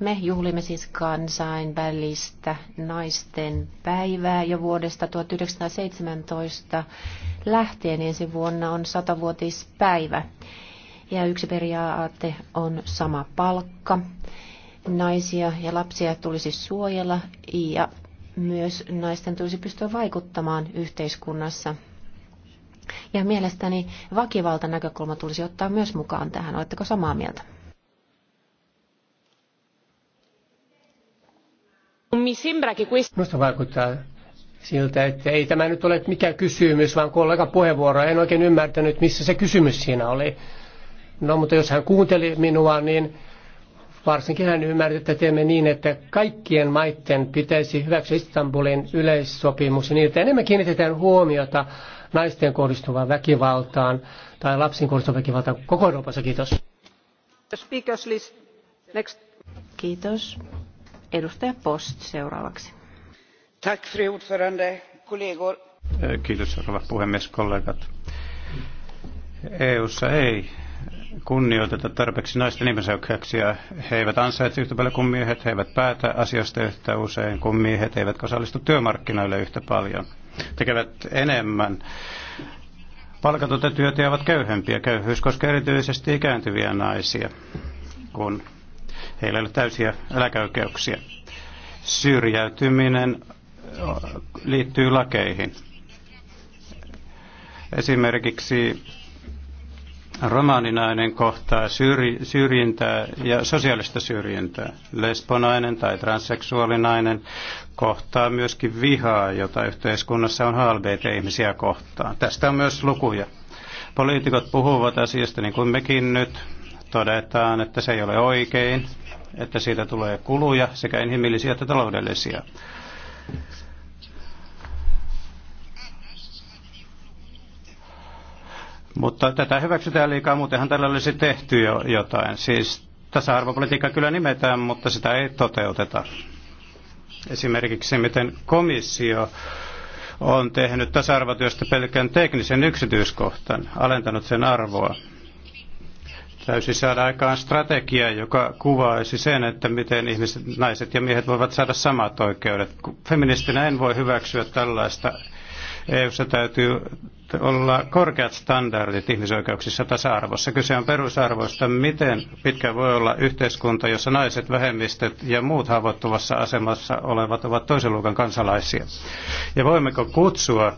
Me juhlimme siis kansainvälistä naisten päivää jo vuodesta 1917 lähtien. Ensi vuonna on satavuotispäivä. Ja yksi periaate on sama palkka. Naisia ja lapsia tulisi suojella ja myös naisten tulisi pystyä vaikuttamaan yhteiskunnassa ja mielestäni vakivalta näkökulma tulisi ottaa myös mukaan tähän. Oletteko samaa mieltä? Minusta vaikuttaa siltä, että ei tämä nyt ole mikään kysymys, vaan kollega puheenvuoro. En oikein ymmärtänyt, missä se kysymys siinä oli. No, mutta jos hän kuunteli minua, niin varsinkin hän ymmärtää, että teemme niin, että kaikkien maiden pitäisi hyväksyä Istanbulin yleissopimus niin, että enemmän kiinnitetään huomiota naisten kohdistuvaan väkivaltaan tai lapsiin kohdistuvaan väkivaltaan koko Euroopassa. Kiitos. Kiitos. Edustaja Post seuraavaksi. Tack, fru Kiitos, rouva puhemies, kollegat. EUssa ei kunnioiteta tarpeeksi naisten ihmisoikeuksia. He eivät ansaitse yhtä paljon kuin miehet, he eivät päätä asiasta yhtä usein kuin miehet, he eivät osallistu työmarkkinoille yhtä paljon tekevät enemmän palkatonta työtä ja ovat köyhempiä. Köyhyys koskee erityisesti ikääntyviä naisia, kun heillä ei ole täysiä eläkeoikeuksia. Syrjäytyminen liittyy lakeihin. Esimerkiksi romaaninainen kohtaa syrji, syrjintää ja sosiaalista syrjintää. Lesbonainen tai transseksuaalinainen kohtaa myöskin vihaa, jota yhteiskunnassa on halveita ihmisiä kohtaan. Tästä on myös lukuja. Poliitikot puhuvat asiasta niin kuin mekin nyt. Todetaan, että se ei ole oikein, että siitä tulee kuluja sekä inhimillisiä että taloudellisia. Mutta tätä hyväksytään liikaa, muutenhan tällä olisi tehty jo jotain. Siis tasa-arvopolitiikka kyllä nimetään, mutta sitä ei toteuteta. Esimerkiksi se, miten komissio on tehnyt tasa-arvotyöstä pelkän teknisen yksityiskohtan, alentanut sen arvoa. Täysi saada aikaan strategia, joka kuvaisi sen, että miten ihmiset, naiset ja miehet voivat saada samat oikeudet. Feministinä en voi hyväksyä tällaista EU-ssa täytyy olla korkeat standardit ihmisoikeuksissa tasa-arvossa. Kyse on perusarvoista, miten pitkä voi olla yhteiskunta, jossa naiset, vähemmistöt ja muut haavoittuvassa asemassa olevat ovat toisen luokan kansalaisia. Ja voimmeko kutsua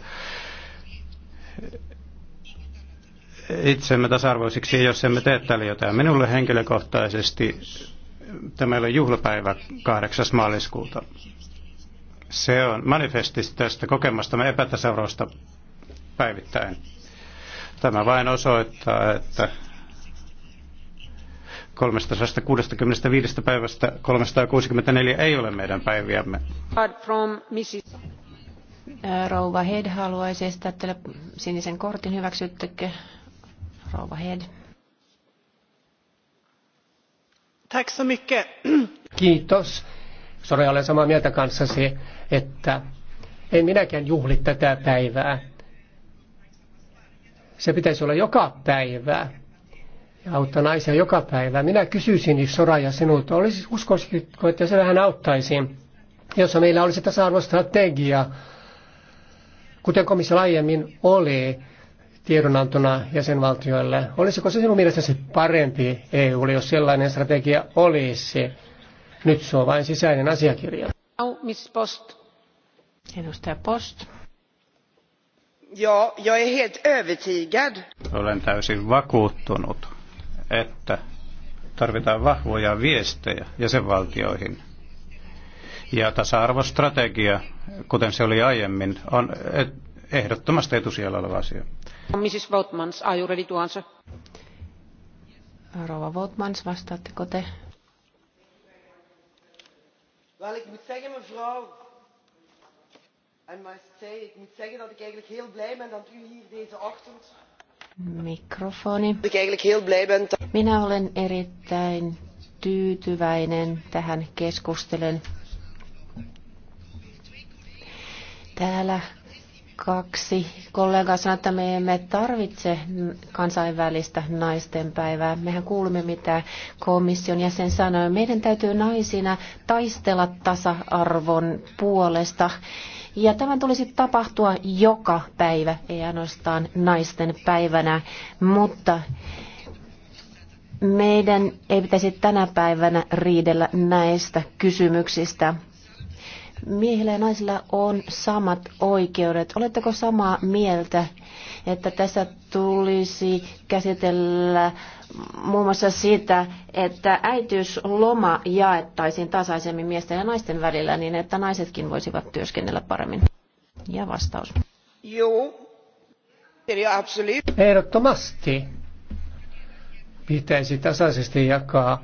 itsemme tasa-arvoisiksi, jos emme tee tälle jotain. Minulle henkilökohtaisesti tämä on juhlapäivä 8. maaliskuuta. Se on manifesti tästä kokemastamme epätasaurosta päivittäin. Tämä vain osoittaa, että 365 päivästä 364 ei ole meidän päiviämme. Rouva Head haluaisi esittää sinisen kortin. Hyväksyttekö? Rouva Head. Tack så mycket. Kiitos. Soria, olen samaa mieltä kanssasi, että en minäkään juhli tätä päivää. Se pitäisi olla joka päivä ja auttaa naisia joka päivä. Minä kysyisin Soraja sinulta, olisi, uskoisitko, että se vähän auttaisi, jos meillä olisi tasa-arvostrategia, kuten komissio aiemmin oli tiedonantona jäsenvaltioille. Olisiko se sinun mielestäsi parempi EU, jos sellainen strategia olisi? Nyt se on vain sisäinen asiakirja. Miss Post. Edustaja Post. Ja, jag är helt övertygad. Olen täysin vakuuttunut, että tarvitaan vahvoja viestejä jäsenvaltioihin. Ja tasa-arvostrategia, kuten se oli aiemmin, on ehdottomasti etusijalla oleva asia. Mrs. Votmans, are you ready to answer? Rouva Votmans, vastaatteko te? Wel, ik moet zeggen, mevrouw, en say, ik moet zeggen dat ik eigenlijk heel blij ben dat u hier deze ochtend. Mikrofoni. Ik eigenlijk heel blij ben. Dat... Minä olen erittäin tyytyväinen tähän keskusteluun. Täällä Kaksi kollegaa sanoi, että me emme tarvitse kansainvälistä naisten päivää. Mehän kuulumme, mitä komission jäsen sanoi. Meidän täytyy naisina taistella tasa-arvon puolesta. Ja tämän tulisi tapahtua joka päivä, ei ainoastaan naisten päivänä, mutta meidän ei pitäisi tänä päivänä riidellä näistä kysymyksistä. Miehillä ja naisilla on samat oikeudet. Oletteko samaa mieltä, että tässä tulisi käsitellä muun muassa sitä, että äitiysloma jaettaisiin tasaisemmin miesten ja naisten välillä niin, että naisetkin voisivat työskennellä paremmin? Ja vastaus. Joo. Ehdottomasti pitäisi tasaisesti jakaa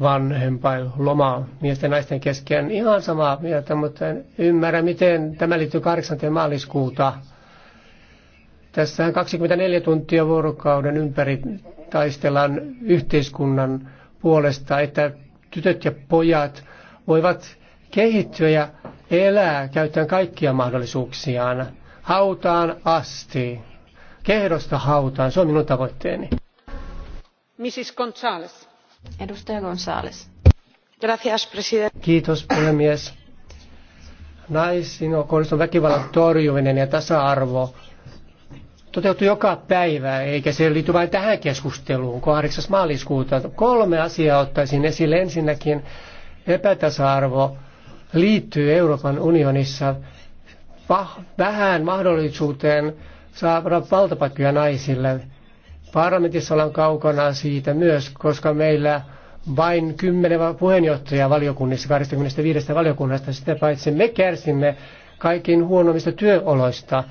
vanhempain loma miesten ja naisten kesken. Ihan samaa mieltä, mutta en ymmärrä, miten tämä liittyy 8. maaliskuuta. Tässähän 24 tuntia vuorokauden ympäri taistellaan yhteiskunnan puolesta, että tytöt ja pojat voivat kehittyä ja elää käyttäen kaikkia mahdollisuuksiaan. Hautaan asti. Kehdosta hautaan. Se on minun tavoitteeni. Mrs. Gonzalez Edustaja González. Kiitos, puhemies. Naisiin on väkivallan torjuminen ja tasa-arvo toteutuu joka päivä, eikä se liity vain tähän keskusteluun 8. maaliskuuta. Kolme asiaa ottaisin esille. Ensinnäkin epätasa-arvo liittyy Euroopan unionissa vähän mahdollisuuteen saada valtapaikkoja naisille Parlamentissa ollaan kaukana siitä myös, koska meillä vain kymmenen puheenjohtaja valiokunnissa, 25 valiokunnasta, sitä paitsi me kärsimme kaikkiin huonommista työoloista,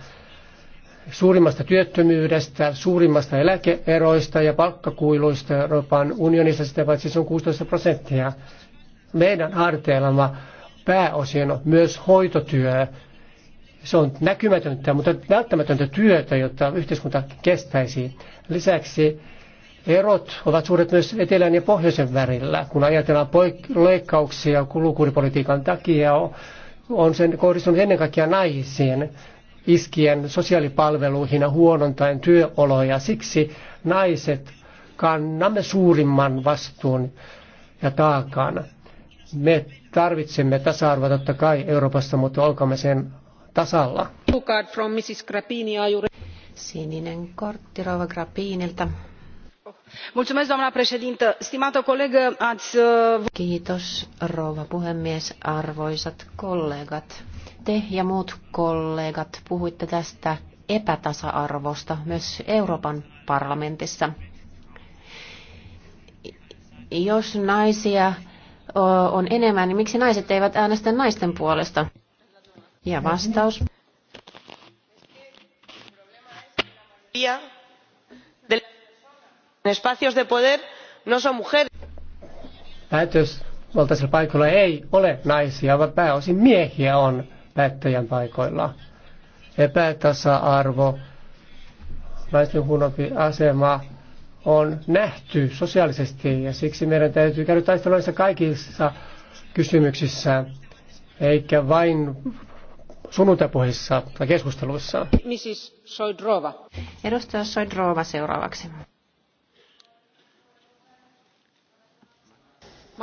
suurimmasta työttömyydestä, suurimmasta eläkeeroista ja palkkakuiluista Euroopan unionissa, sitä paitsi se on 16 prosenttia. Meidän harteillamme pääosin myös hoitotyö, se on näkymätöntä, mutta välttämätöntä työtä, jotta yhteiskunta kestäisi. Lisäksi erot ovat suuret myös etelän ja pohjoisen värillä. Kun ajatellaan poik- leikkauksia kulukuripolitiikan takia, on sen kohdistunut ennen kaikkea naisiin iskien sosiaalipalveluihin ja huonontaen työoloja. Siksi naiset kannamme suurimman vastuun ja taakan. Me tarvitsemme tasa-arvoa totta kai Euroopassa, mutta olkaamme sen tasalla. Sininen kortti Rova Grappinilta. Doamna președintă, stimată colegă, ați... Uh, Kiitos, rouva puhemies, arvoisat kollegat. Te ja muut kollegat puhuitte tästä epätasa-arvosta myös Euroopan parlamentissa. Jos naisia on enemmän, niin miksi naiset eivät äänestä naisten puolesta? Ja vastaus. espacios no Päätösvaltaisilla paikoilla ei ole naisia, vaan pääosin miehiä on päättäjän paikoilla. Epätasa-arvo, naisten huonompi asema on nähty sosiaalisesti ja siksi meidän täytyy käydä taistelua kaikissa kysymyksissä, eikä vain sunnuntapuheissa tai keskusteluissa. Mrs. Soidrova. Edustaja Soidrova seuraavaksi.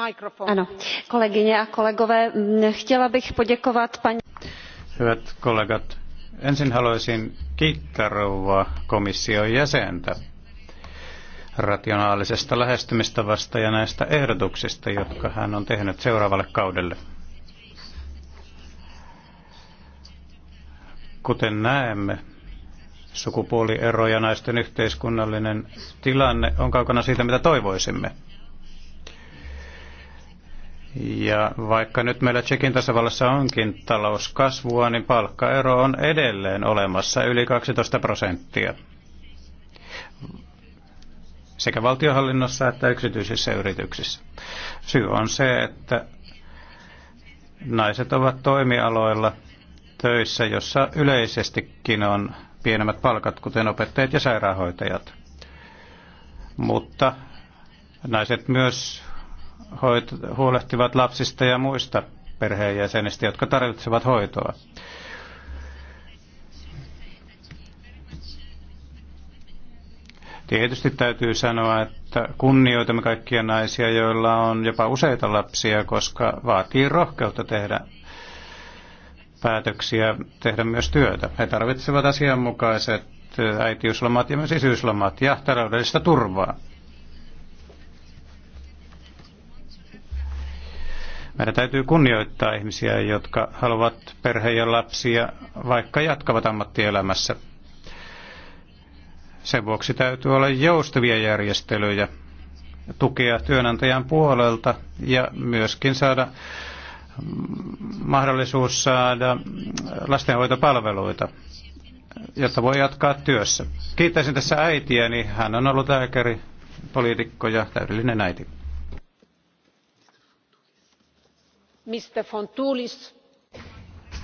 Mikrofon. Ano. Kolegyně chtěla bych poděkovat paní... Hyvät kollegat, ensin haluaisin kiittää rouva komission jäsentä rationaalisesta lähestymistavasta ja näistä ehdotuksista, jotka hän on tehnyt seuraavalle kaudelle. Kuten näemme, sukupuoliero ja naisten yhteiskunnallinen tilanne on kaukana siitä, mitä toivoisimme. Ja vaikka nyt meillä Tsekin tasavallassa onkin talouskasvua, niin palkkaero on edelleen olemassa yli 12 prosenttia sekä valtiohallinnossa että yksityisissä yrityksissä. Syy on se, että naiset ovat toimialoilla, töissä, jossa yleisestikin on pienemmät palkat, kuten opettajat ja sairaanhoitajat. Mutta naiset myös hoit- huolehtivat lapsista ja muista perheenjäsenistä, jotka tarvitsevat hoitoa. Tietysti täytyy sanoa, että kunnioitamme kaikkia naisia, joilla on jopa useita lapsia, koska vaatii rohkeutta tehdä päätöksiä tehdä myös työtä. He tarvitsevat asianmukaiset äitiyslomat ja myös isyyslomat ja taloudellista turvaa. Meidän täytyy kunnioittaa ihmisiä, jotka haluavat perhe ja lapsia, vaikka jatkavat ammattielämässä. Sen vuoksi täytyy olla joustavia järjestelyjä, tukea työnantajan puolelta ja myöskin saada mahdollisuus saada lastenhoitopalveluita, jotta voi jatkaa työssä. Kiittäisin tässä äitiäni. Niin hän on ollut lääkäri, poliitikko ja täydellinen äiti. Mr. Fontulis.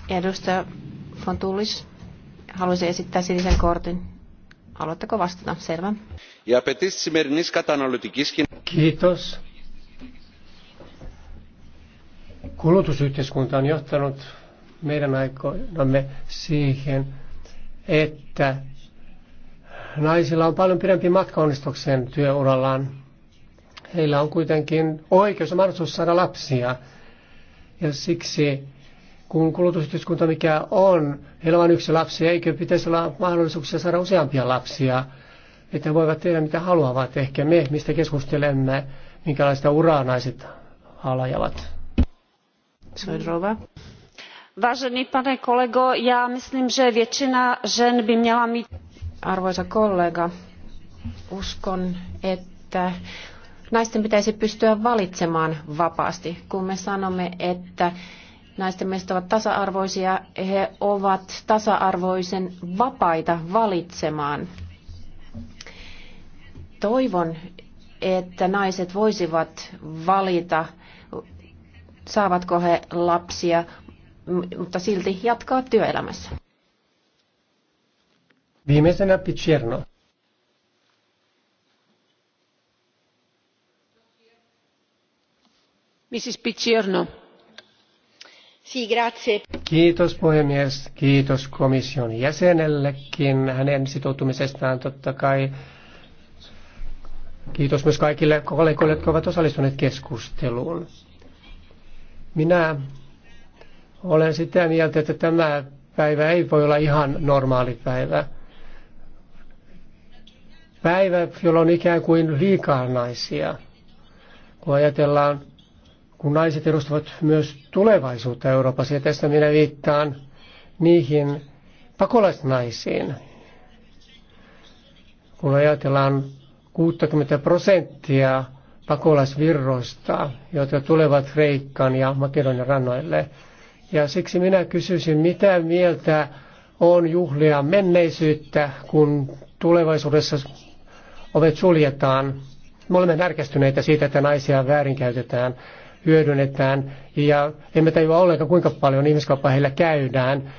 Edustaja Fontulis, haluaisin esittää sinisen kortin. Haluatteko vastata? Selvä. Kiitos. Kulutusyhteiskunta on johtanut meidän aikoinamme siihen, että naisilla on paljon pidempi matka onnistukseen työurallaan. Heillä on kuitenkin oikeus ja mahdollisuus saada lapsia. Ja siksi, kun kulutusyhteiskunta mikä on, heillä on vain yksi lapsi, eikö pitäisi olla mahdollisuuksia saada useampia lapsia, että voivat tehdä mitä haluavat. Ehkä me, mistä keskustelemme, minkälaista uraa naiset halajavat. Sojdrova. Vážený pane kolego, já myslím, že většina žen by měla mít... Arvoisa kollega, uskon, että naisten pitäisi pystyä valitsemaan vapaasti. Kun me sanomme, että naisten miehet ovat tasa-arvoisia, he ovat tasa-arvoisen vapaita valitsemaan. Toivon, että naiset voisivat valita saavatko he lapsia, mutta silti jatkaa työelämässä. Viimeisenä Picerno. Mrs. Picerno. Kiitos puhemies, kiitos komission jäsenellekin hänen sitoutumisestaan totta kai. Kiitos myös kaikille kollegoille, jotka ovat osallistuneet keskusteluun. Minä olen sitä mieltä, että tämä päivä ei voi olla ihan normaali päivä. Päivä, jolloin on ikään kuin liikaa naisia. Kun ajatellaan, kun naiset edustavat myös tulevaisuutta Euroopassa, ja tästä minä viittaan niihin pakolaisnaisiin. Kun ajatellaan 60 prosenttia pakolaisvirroista, jotka tulevat Kreikkaan ja Makedonian rannoille. Ja siksi minä kysyisin, mitä mieltä on juhlia menneisyyttä, kun tulevaisuudessa ovet suljetaan. Me olemme närkästyneitä siitä, että naisia väärinkäytetään, hyödynnetään ja emme tajua ollenkaan, kuinka paljon ihmiskauppaa heillä käydään.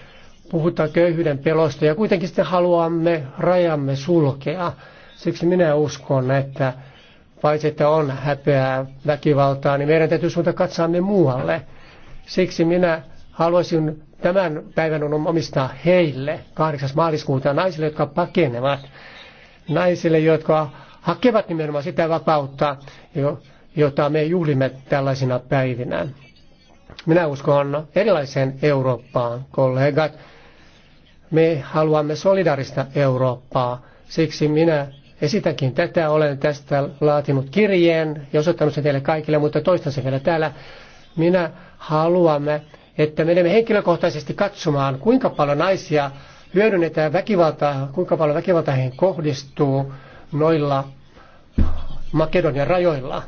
Puhutaan köyhyyden pelosta ja kuitenkin sitten haluamme rajamme sulkea. Siksi minä uskon, että paitsi että on häpeää väkivaltaa, niin meidän täytyy suunta katsaamme muualle. Siksi minä haluaisin tämän päivän on omistaa heille 8. maaliskuuta naisille, jotka pakenevat, naisille, jotka hakevat nimenomaan sitä vapautta, jota me juhlimme tällaisina päivinä. Minä uskon erilaiseen Eurooppaan, kollegat. Me haluamme solidarista Eurooppaa. Siksi minä Esitäkin tätä, olen tästä laatinut kirjeen ja osoittanut sen teille kaikille, mutta toistan sen vielä täällä. Minä haluamme, että menemme henkilökohtaisesti katsomaan, kuinka paljon naisia hyödynnetään väkivaltaa, kuinka paljon väkivaltaa heihin kohdistuu noilla Makedonian rajoilla.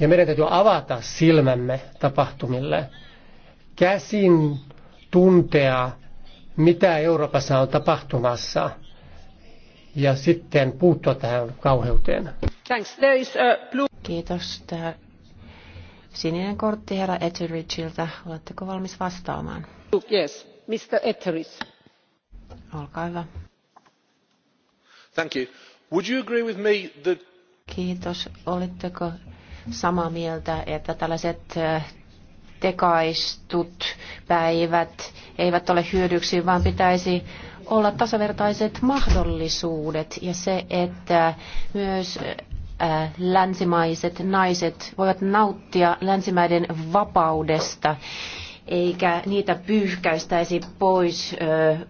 Ja meidän täytyy avata silmämme tapahtumille. Käsin tuntea, mitä Euroopassa on tapahtumassa – ja sitten puuttua tähän kauheuteen. Thanks. Kiitos. Tämä sininen kortti herra Etheridgeiltä. Oletteko valmis vastaamaan? Yes, Mr. Etheridge. Olkaa hyvä. Thank you. Would you agree with me that... Kiitos. Oletteko samaa mieltä, että tällaiset äh, tekaistut päivät eivät ole hyödyksi, vaan pitäisi olla tasavertaiset mahdollisuudet ja se, että myös äh, länsimaiset naiset voivat nauttia länsimäiden vapaudesta eikä niitä pyyhkäistäisi pois äh,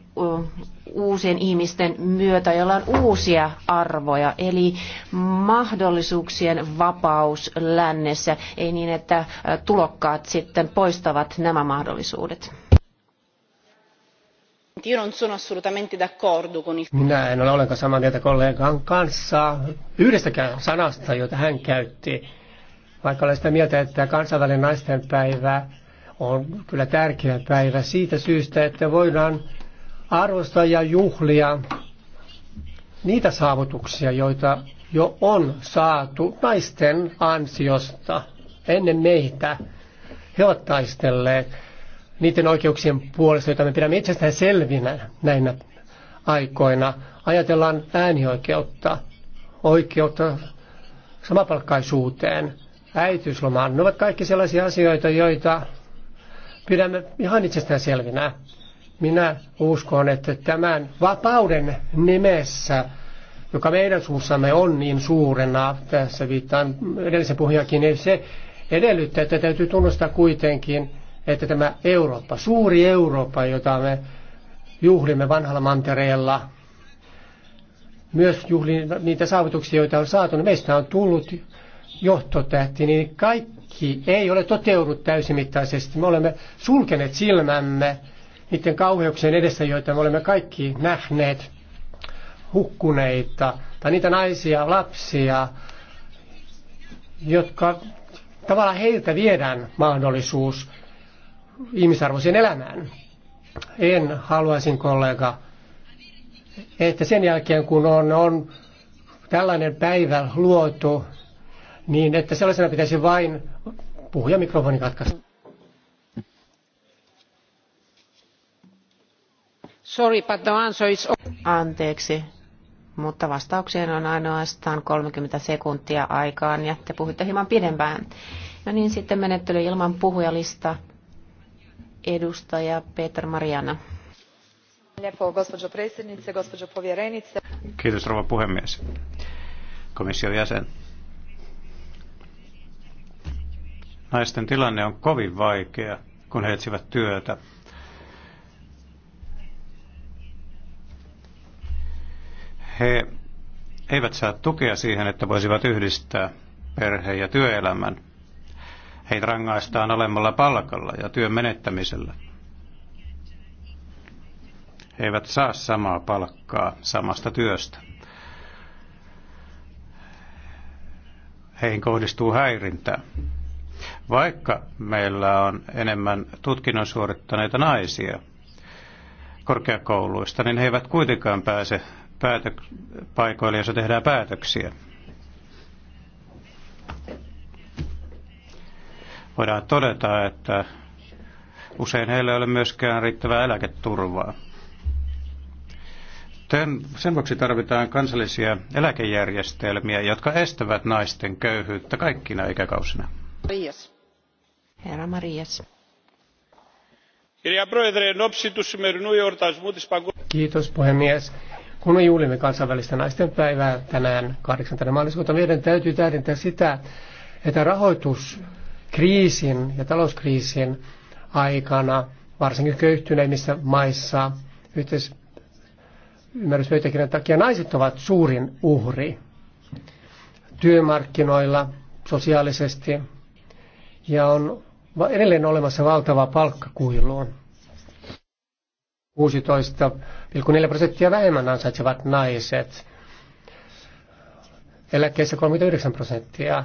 uusien ihmisten myötä, joilla on uusia arvoja, eli mahdollisuuksien vapaus lännessä, ei niin, että äh, tulokkaat sitten poistavat nämä mahdollisuudet. Minä en ole ollenkaan samaa mieltä kollegan kanssa yhdestäkään sanasta, jota hän käytti. Vaikka olen sitä mieltä, että kansainvälinen naisten päivä on kyllä tärkeä päivä siitä syystä, että voidaan arvostaa ja juhlia niitä saavutuksia, joita jo on saatu naisten ansiosta ennen meitä. He ovat taistelleet niiden oikeuksien puolesta, joita me pidämme itsestään selvinä näinä aikoina. Ajatellaan äänioikeutta, oikeutta samapalkkaisuuteen, äitiyslomaan. Ne ovat kaikki sellaisia asioita, joita pidämme ihan itsestään selvinä. Minä uskon, että tämän vapauden nimessä, joka meidän suussamme on niin suurena, tässä viittaan edellisen puhujakin, niin se edellyttää, että täytyy tunnustaa kuitenkin, että tämä Eurooppa, suuri Eurooppa, jota me juhlimme vanhalla mantereella, myös juhlin niitä saavutuksia, joita on saatu, niin meistä on tullut johtotähti, niin kaikki ei ole toteudut täysimittaisesti. Me olemme sulkeneet silmämme niiden kauheuksien edessä, joita me olemme kaikki nähneet hukkuneita, tai niitä naisia, lapsia, jotka tavallaan heiltä viedään mahdollisuus ihmisarvoisen elämään. En haluaisin kollega, että sen jälkeen kun on, on tällainen päivä luotu, niin että sellaisena pitäisi vain puhuja mikrofoni katkaista. Sorry, but the answer is... Anteeksi, mutta vastaukseen on ainoastaan 30 sekuntia aikaan ja te puhutte hieman pidempään. No niin, sitten menettely ilman puhujalista edustaja Peter Mariana. Gospođo predsjednice, gospođo povjerenice. Kiitos rouva puhemies. Komission jäsen. Naisten tilanne on kovin vaikea, kun he etsivät työtä. He eivät saa tukea siihen, että voisivat yhdistää perheen ja työelämän. Heitä rangaistaan alemmalla palkalla ja työn menettämisellä. He eivät saa samaa palkkaa samasta työstä. Heihin kohdistuu häirintää. Vaikka meillä on enemmän tutkinnon suorittaneita naisia korkeakouluista, niin he eivät kuitenkaan pääse päätök- paikoille, joissa tehdään päätöksiä. voidaan todeta, että usein heillä ei ole myöskään riittävää eläketurvaa. Tön, sen vuoksi tarvitaan kansallisia eläkejärjestelmiä, jotka estävät naisten köyhyyttä kaikkina ikäkausina. Marias. Herra Marias. Kiitos puhemies. Kun me juhlimme kansainvälistä naisten päivää tänään 8. maaliskuuta, meidän täytyy tähdentää sitä, että rahoitus kriisin ja talouskriisin aikana, varsinkin köyhtyneimmissä maissa, yhteisymmärryspöytäkirjan takia naiset ovat suurin uhri työmarkkinoilla, sosiaalisesti, ja on edelleen olemassa valtava palkkakuilu. 16,4 prosenttia vähemmän ansaitsevat naiset, eläkkeessä 39 prosenttia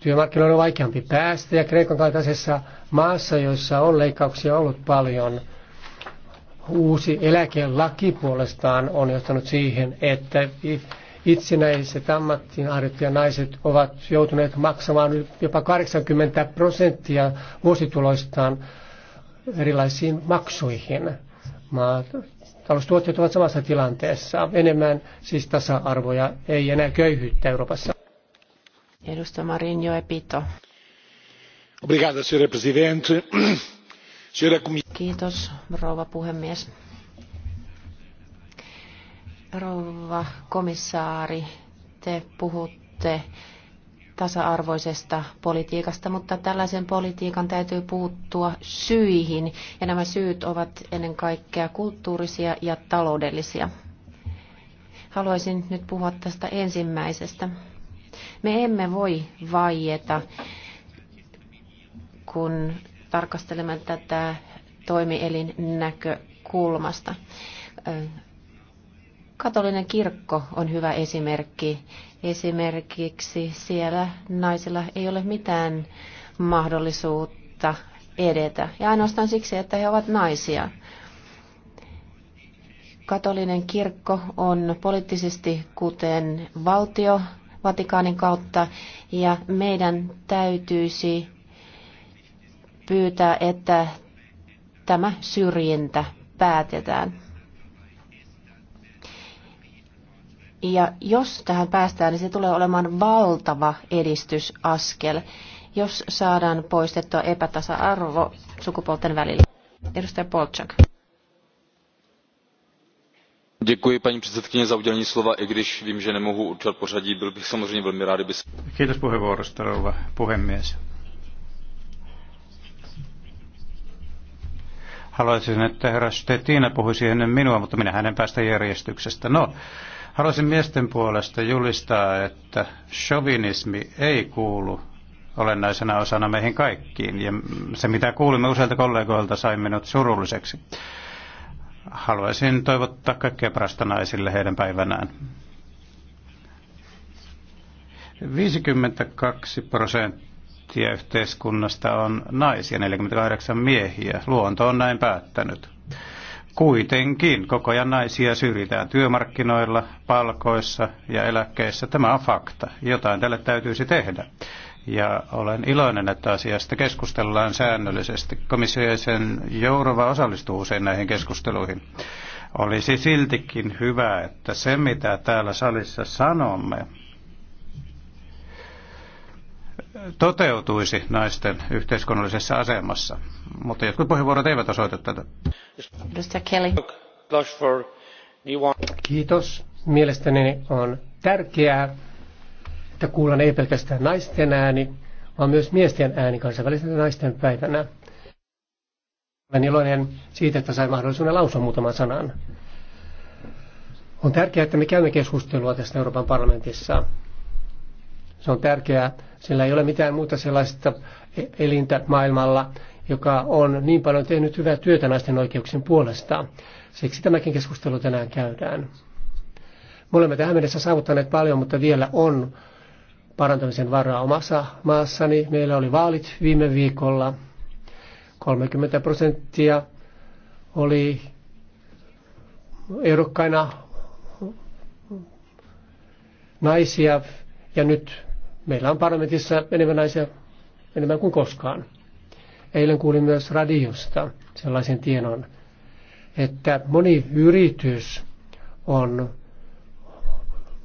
työmarkkinoille on vaikeampi päästä ja Kreikan kaltaisessa maassa, jossa on leikkauksia ollut paljon, uusi eläkelaki puolestaan on johtanut siihen, että itsenäiset ja naiset ovat joutuneet maksamaan jopa 80 prosenttia vuosituloistaan erilaisiin maksuihin. Maat, taloustuottajat ovat samassa tilanteessa. Enemmän siis tasa-arvoja, ei enää köyhyyttä Euroopassa. Edustaja Marinho Presidente. rouva puhemies. Rouva komissaari, te puhutte tasa-arvoisesta politiikasta, mutta tällaisen politiikan täytyy puuttua syihin, ja nämä syyt ovat ennen kaikkea kulttuurisia ja taloudellisia. Haluaisin nyt puhua tästä ensimmäisestä. Me emme voi vaieta, kun tarkastelemme tätä toimielin näkökulmasta. Katolinen kirkko on hyvä esimerkki. Esimerkiksi siellä naisilla ei ole mitään mahdollisuutta edetä. Ja ainoastaan siksi, että he ovat naisia. Katolinen kirkko on poliittisesti kuten valtio Vatikaanin kautta ja meidän täytyisi pyytää, että tämä syrjintä päätetään. Ja jos tähän päästään, niin se tulee olemaan valtava edistysaskel, jos saadaan poistettua epätasa-arvo sukupuolten välillä. Edustaja Polchak paní předsedající i když vím že nemohu určovat pořadí byl bych samozřejmě velmi rád kdyby. kiitos Haluaisin, että herra Stetina puhuisi ennen minua, mutta minä hänen päästä järjestyksestä. No, haluaisin miesten puolesta julistaa, että chauvinismi ei kuulu olennaisena osana meihin kaikkiin. Ja se, mitä kuulimme useilta kollegoilta, sai minut surulliseksi haluaisin toivottaa kaikkea parasta naisille heidän päivänään. 52 prosenttia yhteiskunnasta on naisia, 48 miehiä. Luonto on näin päättänyt. Kuitenkin koko ajan naisia syrjitään työmarkkinoilla, palkoissa ja eläkkeissä. Tämä on fakta. Jotain tälle täytyisi tehdä ja olen iloinen, että asiasta keskustellaan säännöllisesti. Komissio ja sen Jourova osallistuu usein näihin keskusteluihin. Olisi siltikin hyvä, että se mitä täällä salissa sanomme toteutuisi naisten yhteiskunnallisessa asemassa. Mutta jotkut puheenvuorot eivät osoita tätä. Kiitos. Mielestäni on tärkeää, että kuullaan ei pelkästään naisten ääni, vaan myös miesten ääni kansainvälisenä naisten päivänä. Olen iloinen siitä, että sain mahdollisuuden lausua muutaman sanan. On tärkeää, että me käymme keskustelua tästä Euroopan parlamentissa. Se on tärkeää, sillä ei ole mitään muuta sellaista elintä maailmalla, joka on niin paljon tehnyt hyvää työtä naisten oikeuksien puolesta. Siksi tämäkin keskustelu tänään käydään. Me olemme tähän mennessä saavuttaneet paljon, mutta vielä on parantamisen varaa omassa maassani. Meillä oli vaalit viime viikolla. 30 prosenttia oli ehdokkaina naisia ja nyt meillä on parlamentissa enemmän naisia enemmän kuin koskaan. Eilen kuulin myös radiosta sellaisen tiedon, että moni yritys on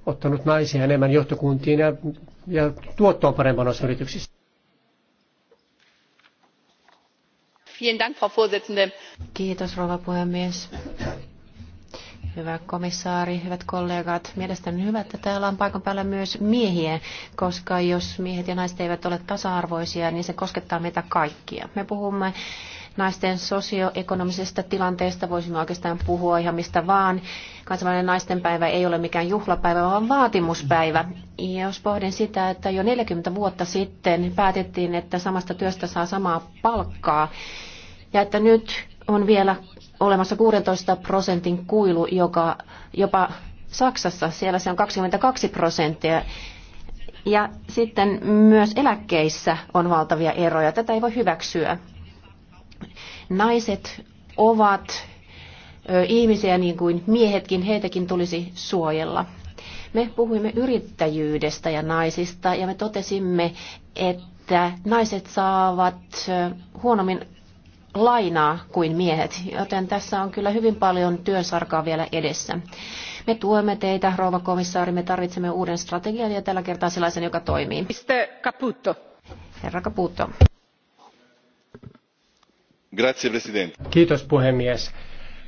ottanut naisia enemmän johtokuntiin ja ja tuotto on parempaa noissa yrityksissä. Kiitos rouva puhemies. Hyvä komissaari, hyvät kollegat. Mielestäni on hyvä, että täällä on paikan päällä myös miehiä, koska jos miehet ja naiset eivät ole tasa-arvoisia, niin se koskettaa meitä kaikkia. Me puhumme naisten sosioekonomisesta tilanteesta voisimme oikeastaan puhua ihan mistä vaan. Kansainvälinen naistenpäivä ei ole mikään juhlapäivä, vaan vaatimuspäivä. Jos pohdin sitä, että jo 40 vuotta sitten päätettiin, että samasta työstä saa samaa palkkaa, ja että nyt on vielä olemassa 16 prosentin kuilu, joka jopa Saksassa, siellä se on 22 prosenttia. Ja sitten myös eläkkeissä on valtavia eroja. Tätä ei voi hyväksyä. Naiset ovat ihmisiä niin kuin miehetkin, heitäkin tulisi suojella. Me puhuimme yrittäjyydestä ja naisista ja me totesimme, että naiset saavat huonommin lainaa kuin miehet, joten tässä on kyllä hyvin paljon työsarkaa vielä edessä. Me tuemme teitä, rouva komissaari, me tarvitsemme uuden strategian ja tällä kertaa sellaisen, joka toimii. Mr. Caputo. Herra Caputo. Kiitos puhemies.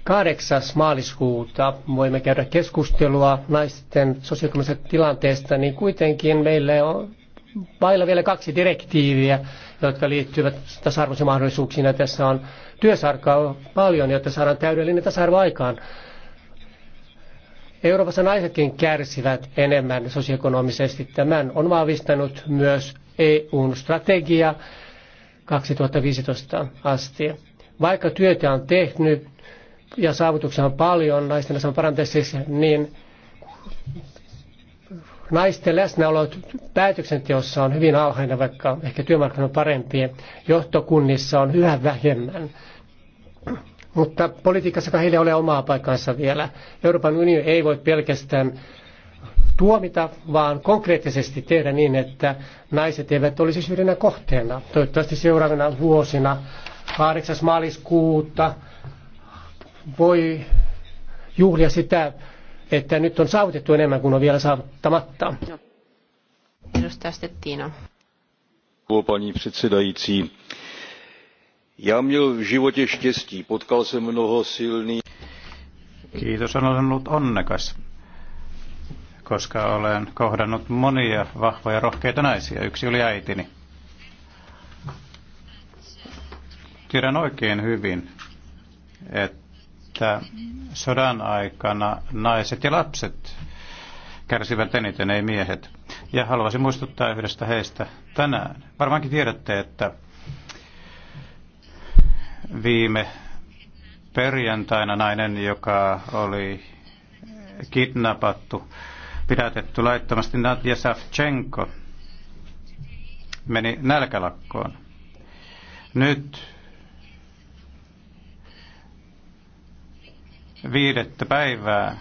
8. maaliskuuta voimme käydä keskustelua naisten sosioekonomisesta tilanteesta, niin kuitenkin meillä on vailla vielä kaksi direktiiviä, jotka liittyvät tasa-arvoisiin mahdollisuuksiin. Ja tässä on työsarkaa paljon, jotta saadaan täydellinen tasa-arvo aikaan. Euroopassa naisetkin kärsivät enemmän sosioekonomisesti. Tämän on vahvistanut myös EUn strategia 2015 asti. Vaikka työtä on tehnyt ja saavutuksia on paljon naisten aseman parantamiseksi, siis, niin naisten läsnäolo päätöksenteossa on hyvin alhainen, vaikka ehkä työmarkkinoilla on parempi. Johtokunnissa on yhä vähemmän. Mutta politiikassa heillä ei ole omaa paikkansa vielä. Euroopan unioni ei voi pelkästään tuomita, vaan konkreettisesti tehdä niin, että naiset eivät olisi syrjinnän kohteena. Toivottavasti seuraavana vuosina 8. maaliskuuta voi juhlia sitä, että nyt on saavutettu enemmän kuin on vielä saavuttamatta. Edustaja Stettina. Pani předsedající, já měl v životě štěstí, potkal jsem mnoho silných. Kiitos, on ollut onnekas koska olen kohdannut monia vahvoja rohkeita naisia. Yksi oli äitini. Tiedän oikein hyvin, että sodan aikana naiset ja lapset kärsivät eniten, ei miehet. Ja haluaisin muistuttaa yhdestä heistä tänään. Varmaankin tiedätte, että viime perjantaina nainen, joka oli kidnappattu, pidätetty laittomasti Nadia Savchenko meni nälkälakkoon. Nyt viidettä päivää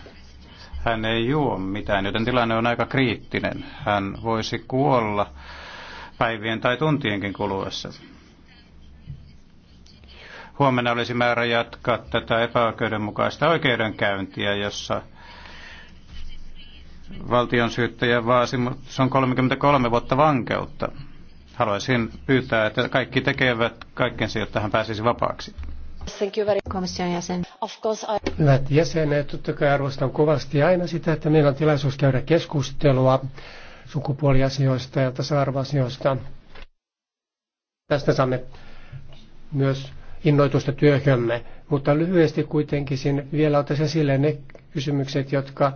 hän ei juo mitään, joten tilanne on aika kriittinen. Hän voisi kuolla päivien tai tuntienkin kuluessa. Huomenna olisi määrä jatkaa tätä epäoikeudenmukaista oikeudenkäyntiä, jossa valtion syyttäjä vaasi, mutta se on 33 vuotta vankeutta. Haluaisin pyytää, että kaikki tekevät kaikkensa, jotta hän pääsisi vapaaksi. Komission jäsen. Hyvät jäsenet, totta kai arvostan kovasti aina sitä, että meillä on tilaisuus käydä keskustelua sukupuoliasioista ja tasa-arvoasioista. Tästä saamme myös innoitusta työhömme, mutta lyhyesti kuitenkin vielä otaisin esille ne kysymykset, jotka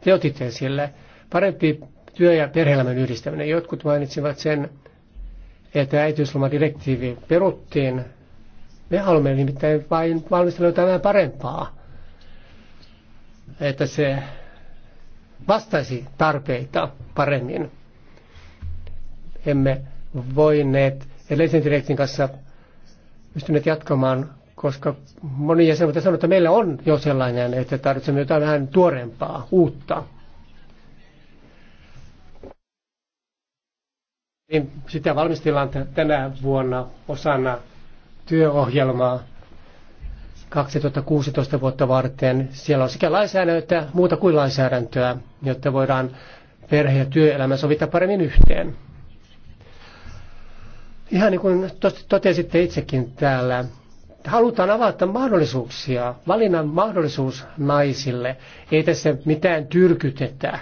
te otitte esille parempi työ- ja perheelämän yhdistäminen. Jotkut mainitsivat sen, että äitiyslomadirektiivi peruttiin. Me haluamme nimittäin vain valmistella jotain parempaa, että se vastaisi tarpeita paremmin. Emme voineet edellisen direktin kanssa pystyneet jatkamaan koska moni jäsenvaltio sanoo, että meillä on jo sellainen, että tarvitsemme jotain vähän tuorempaa, uutta. Niin sitä valmistellaan tänä vuonna osana työohjelmaa 2016 vuotta varten. Siellä on sekä lainsäädäntöä muuta kuin lainsäädäntöä, jotta voidaan perhe- ja työelämä sovittaa paremmin yhteen. Ihan niin kuin totesitte itsekin täällä, halutaan avata mahdollisuuksia, valinnan mahdollisuus naisille. Ei tässä mitään tyrkytetä.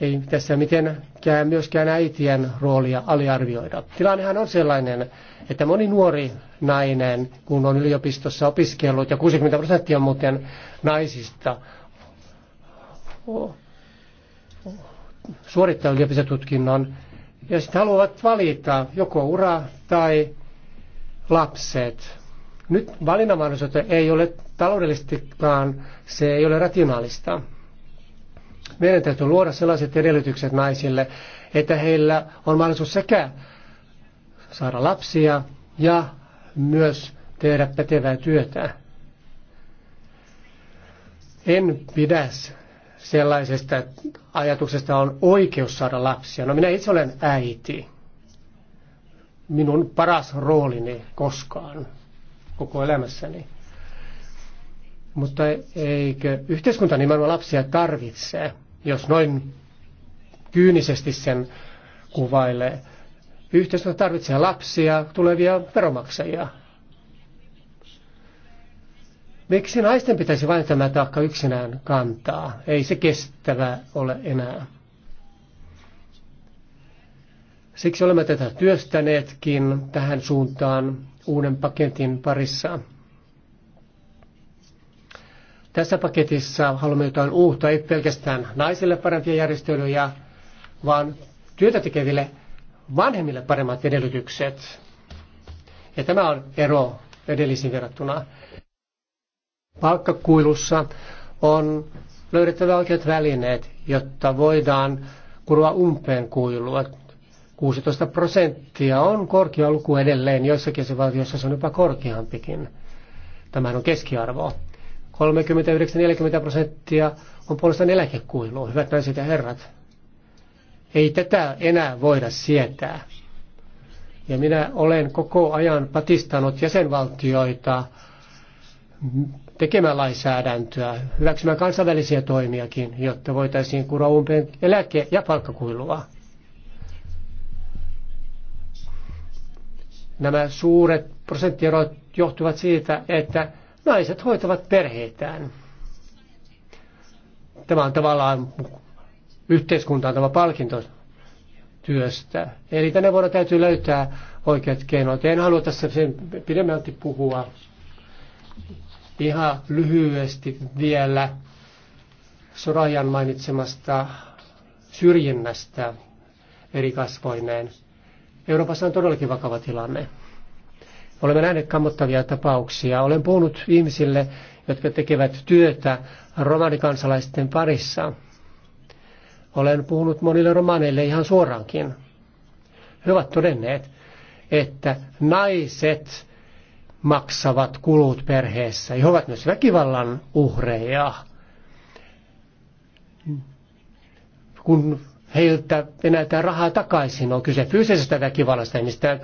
Ei tässä mitenkään myöskään äitien roolia aliarvioida. Tilannehan on sellainen, että moni nuori nainen, kun on yliopistossa opiskellut, ja 60 prosenttia muuten naisista suorittaa yliopistotutkinnon, ja sitten haluavat valita joko ura tai lapset. Nyt valinnanmahdollisuutta ei ole taloudellistikaan, se ei ole rationaalista. Meidän täytyy luoda sellaiset edellytykset naisille, että heillä on mahdollisuus sekä saada lapsia ja myös tehdä pätevää työtä. En pidä sellaisesta ajatuksesta, on oikeus saada lapsia. No minä itse olen äiti minun paras roolini koskaan koko elämässäni. Mutta eikö yhteiskunta nimenomaan lapsia tarvitse, jos noin kyynisesti sen kuvailee? Yhteiskunta tarvitsee lapsia, tulevia veromaksajia. Miksi naisten pitäisi vain tämä taakka yksinään kantaa? Ei se kestävä ole enää. Siksi olemme tätä työstäneetkin tähän suuntaan uuden paketin parissa. Tässä paketissa haluamme jotain uutta, ei pelkästään naisille parempia järjestelyjä, vaan työtä tekeville vanhemmille paremmat edellytykset. Ja tämä on ero edellisiin verrattuna. Palkkakuilussa on löydettävä oikeat välineet, jotta voidaan kurua umpeen kuilua 16 prosenttia on korkea luku edelleen, joissakin jäsenvaltioissa se on jopa korkeampikin. Tämä on keskiarvo. 39-40 prosenttia on puolestaan eläkekuilu, hyvät naiset ja herrat. Ei tätä enää voida sietää. Ja minä olen koko ajan patistanut jäsenvaltioita tekemään lainsäädäntöä, hyväksymään kansainvälisiä toimiakin, jotta voitaisiin kuroa umpeen eläke- ja palkkakuilua. Nämä suuret prosenttierot johtuvat siitä, että naiset hoitavat perheitään. Tämä on tavallaan yhteiskuntaan tämä palkinto työstä. Eli tänä vuonna täytyy löytää oikeat keinot. En halua tässä sen pidemmälti puhua. Ihan lyhyesti vielä Sorajan mainitsemasta syrjinnästä eri kasvoineen. Euroopassa on todellakin vakava tilanne. Olemme nähneet kammottavia tapauksia. Olen puhunut ihmisille, jotka tekevät työtä romanikansalaisten parissa. Olen puhunut monille romaneille ihan suoraankin. He ovat todenneet, että naiset maksavat kulut perheessä. He ovat myös väkivallan uhreja. Kun heiltä venätään rahaa takaisin. On kyse fyysisestä väkivallasta ja mistään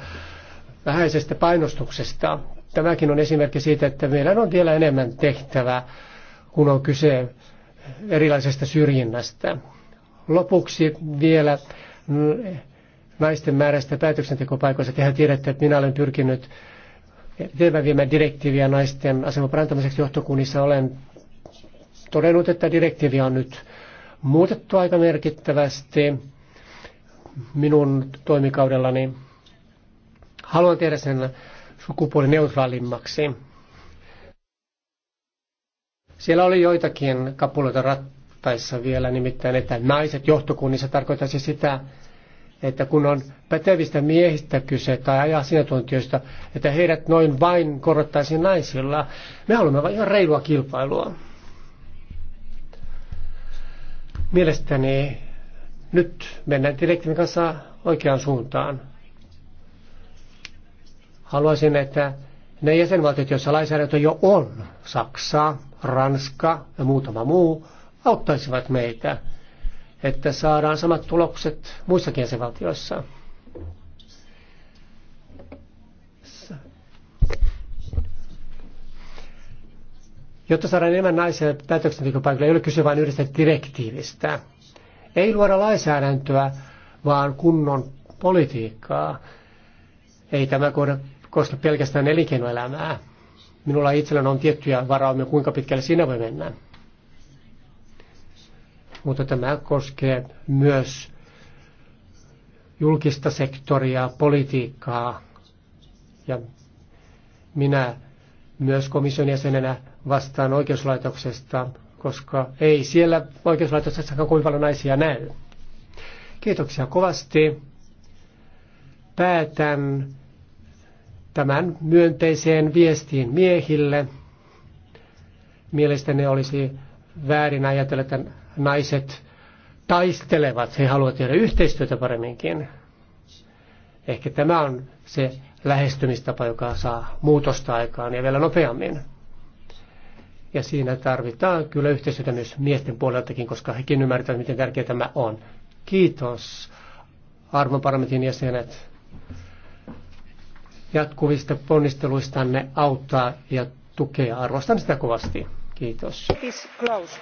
vähäisestä painostuksesta. Tämäkin on esimerkki siitä, että meillä on vielä enemmän tehtävää, kun on kyse erilaisesta syrjinnästä. Lopuksi vielä naisten määrästä päätöksentekopaikoissa. Tehän tiedätte, että minä olen pyrkinyt eteenpäin viemään direktiiviä naisten aseman parantamiseksi johtokunnissa. Olen todennut, että direktiivi on nyt muutettu aika merkittävästi minun toimikaudellani. Haluan tehdä sen sukupuolineutraalimmaksi. Siellä oli joitakin kapuloita rattaissa vielä, nimittäin että naiset johtokunnissa tarkoittaisi sitä, että kun on pätevistä miehistä kyse tai asiantuntijoista, että heidät noin vain korottaisiin naisilla. Me haluamme vain ihan reilua kilpailua. Mielestäni nyt mennään direktiivin kanssa oikeaan suuntaan. Haluaisin, että ne jäsenvaltiot, joissa lainsäädäntö jo on, Saksa, Ranska ja muutama muu, auttaisivat meitä, että saadaan samat tulokset muissakin jäsenvaltioissa. Jotta saadaan enemmän naisia päätöksentekopaikalle, ei ole kyse vain yhdestä direktiivistä. Ei luoda lainsäädäntöä, vaan kunnon politiikkaa. Ei tämä koske pelkästään elinkeinoelämää. Minulla itsellä on tiettyjä varaumia, kuinka pitkälle siinä voi mennä. Mutta tämä koskee myös julkista sektoria, politiikkaa. Ja minä myös komission jäsenenä vastaan oikeuslaitoksesta, koska ei siellä oikeuslaitoksessakaan kovin paljon naisia näy. Kiitoksia kovasti. Päätän tämän myönteiseen viestiin miehille. Mielestäni olisi väärin ajatella, että naiset taistelevat, he haluavat tehdä yhteistyötä paremminkin. Ehkä tämä on se lähestymistapa, joka saa muutosta aikaan ja vielä nopeammin. Ja siinä tarvitaan kyllä yhteistyötä myös miesten puoleltakin, koska hekin ymmärtävät, miten tärkeää tämä on. Kiitos arvon parlamentin jäsenet jatkuvista ponnisteluistanne auttaa ja tukea. Arvostan sitä kovasti. Kiitos. Kiitos.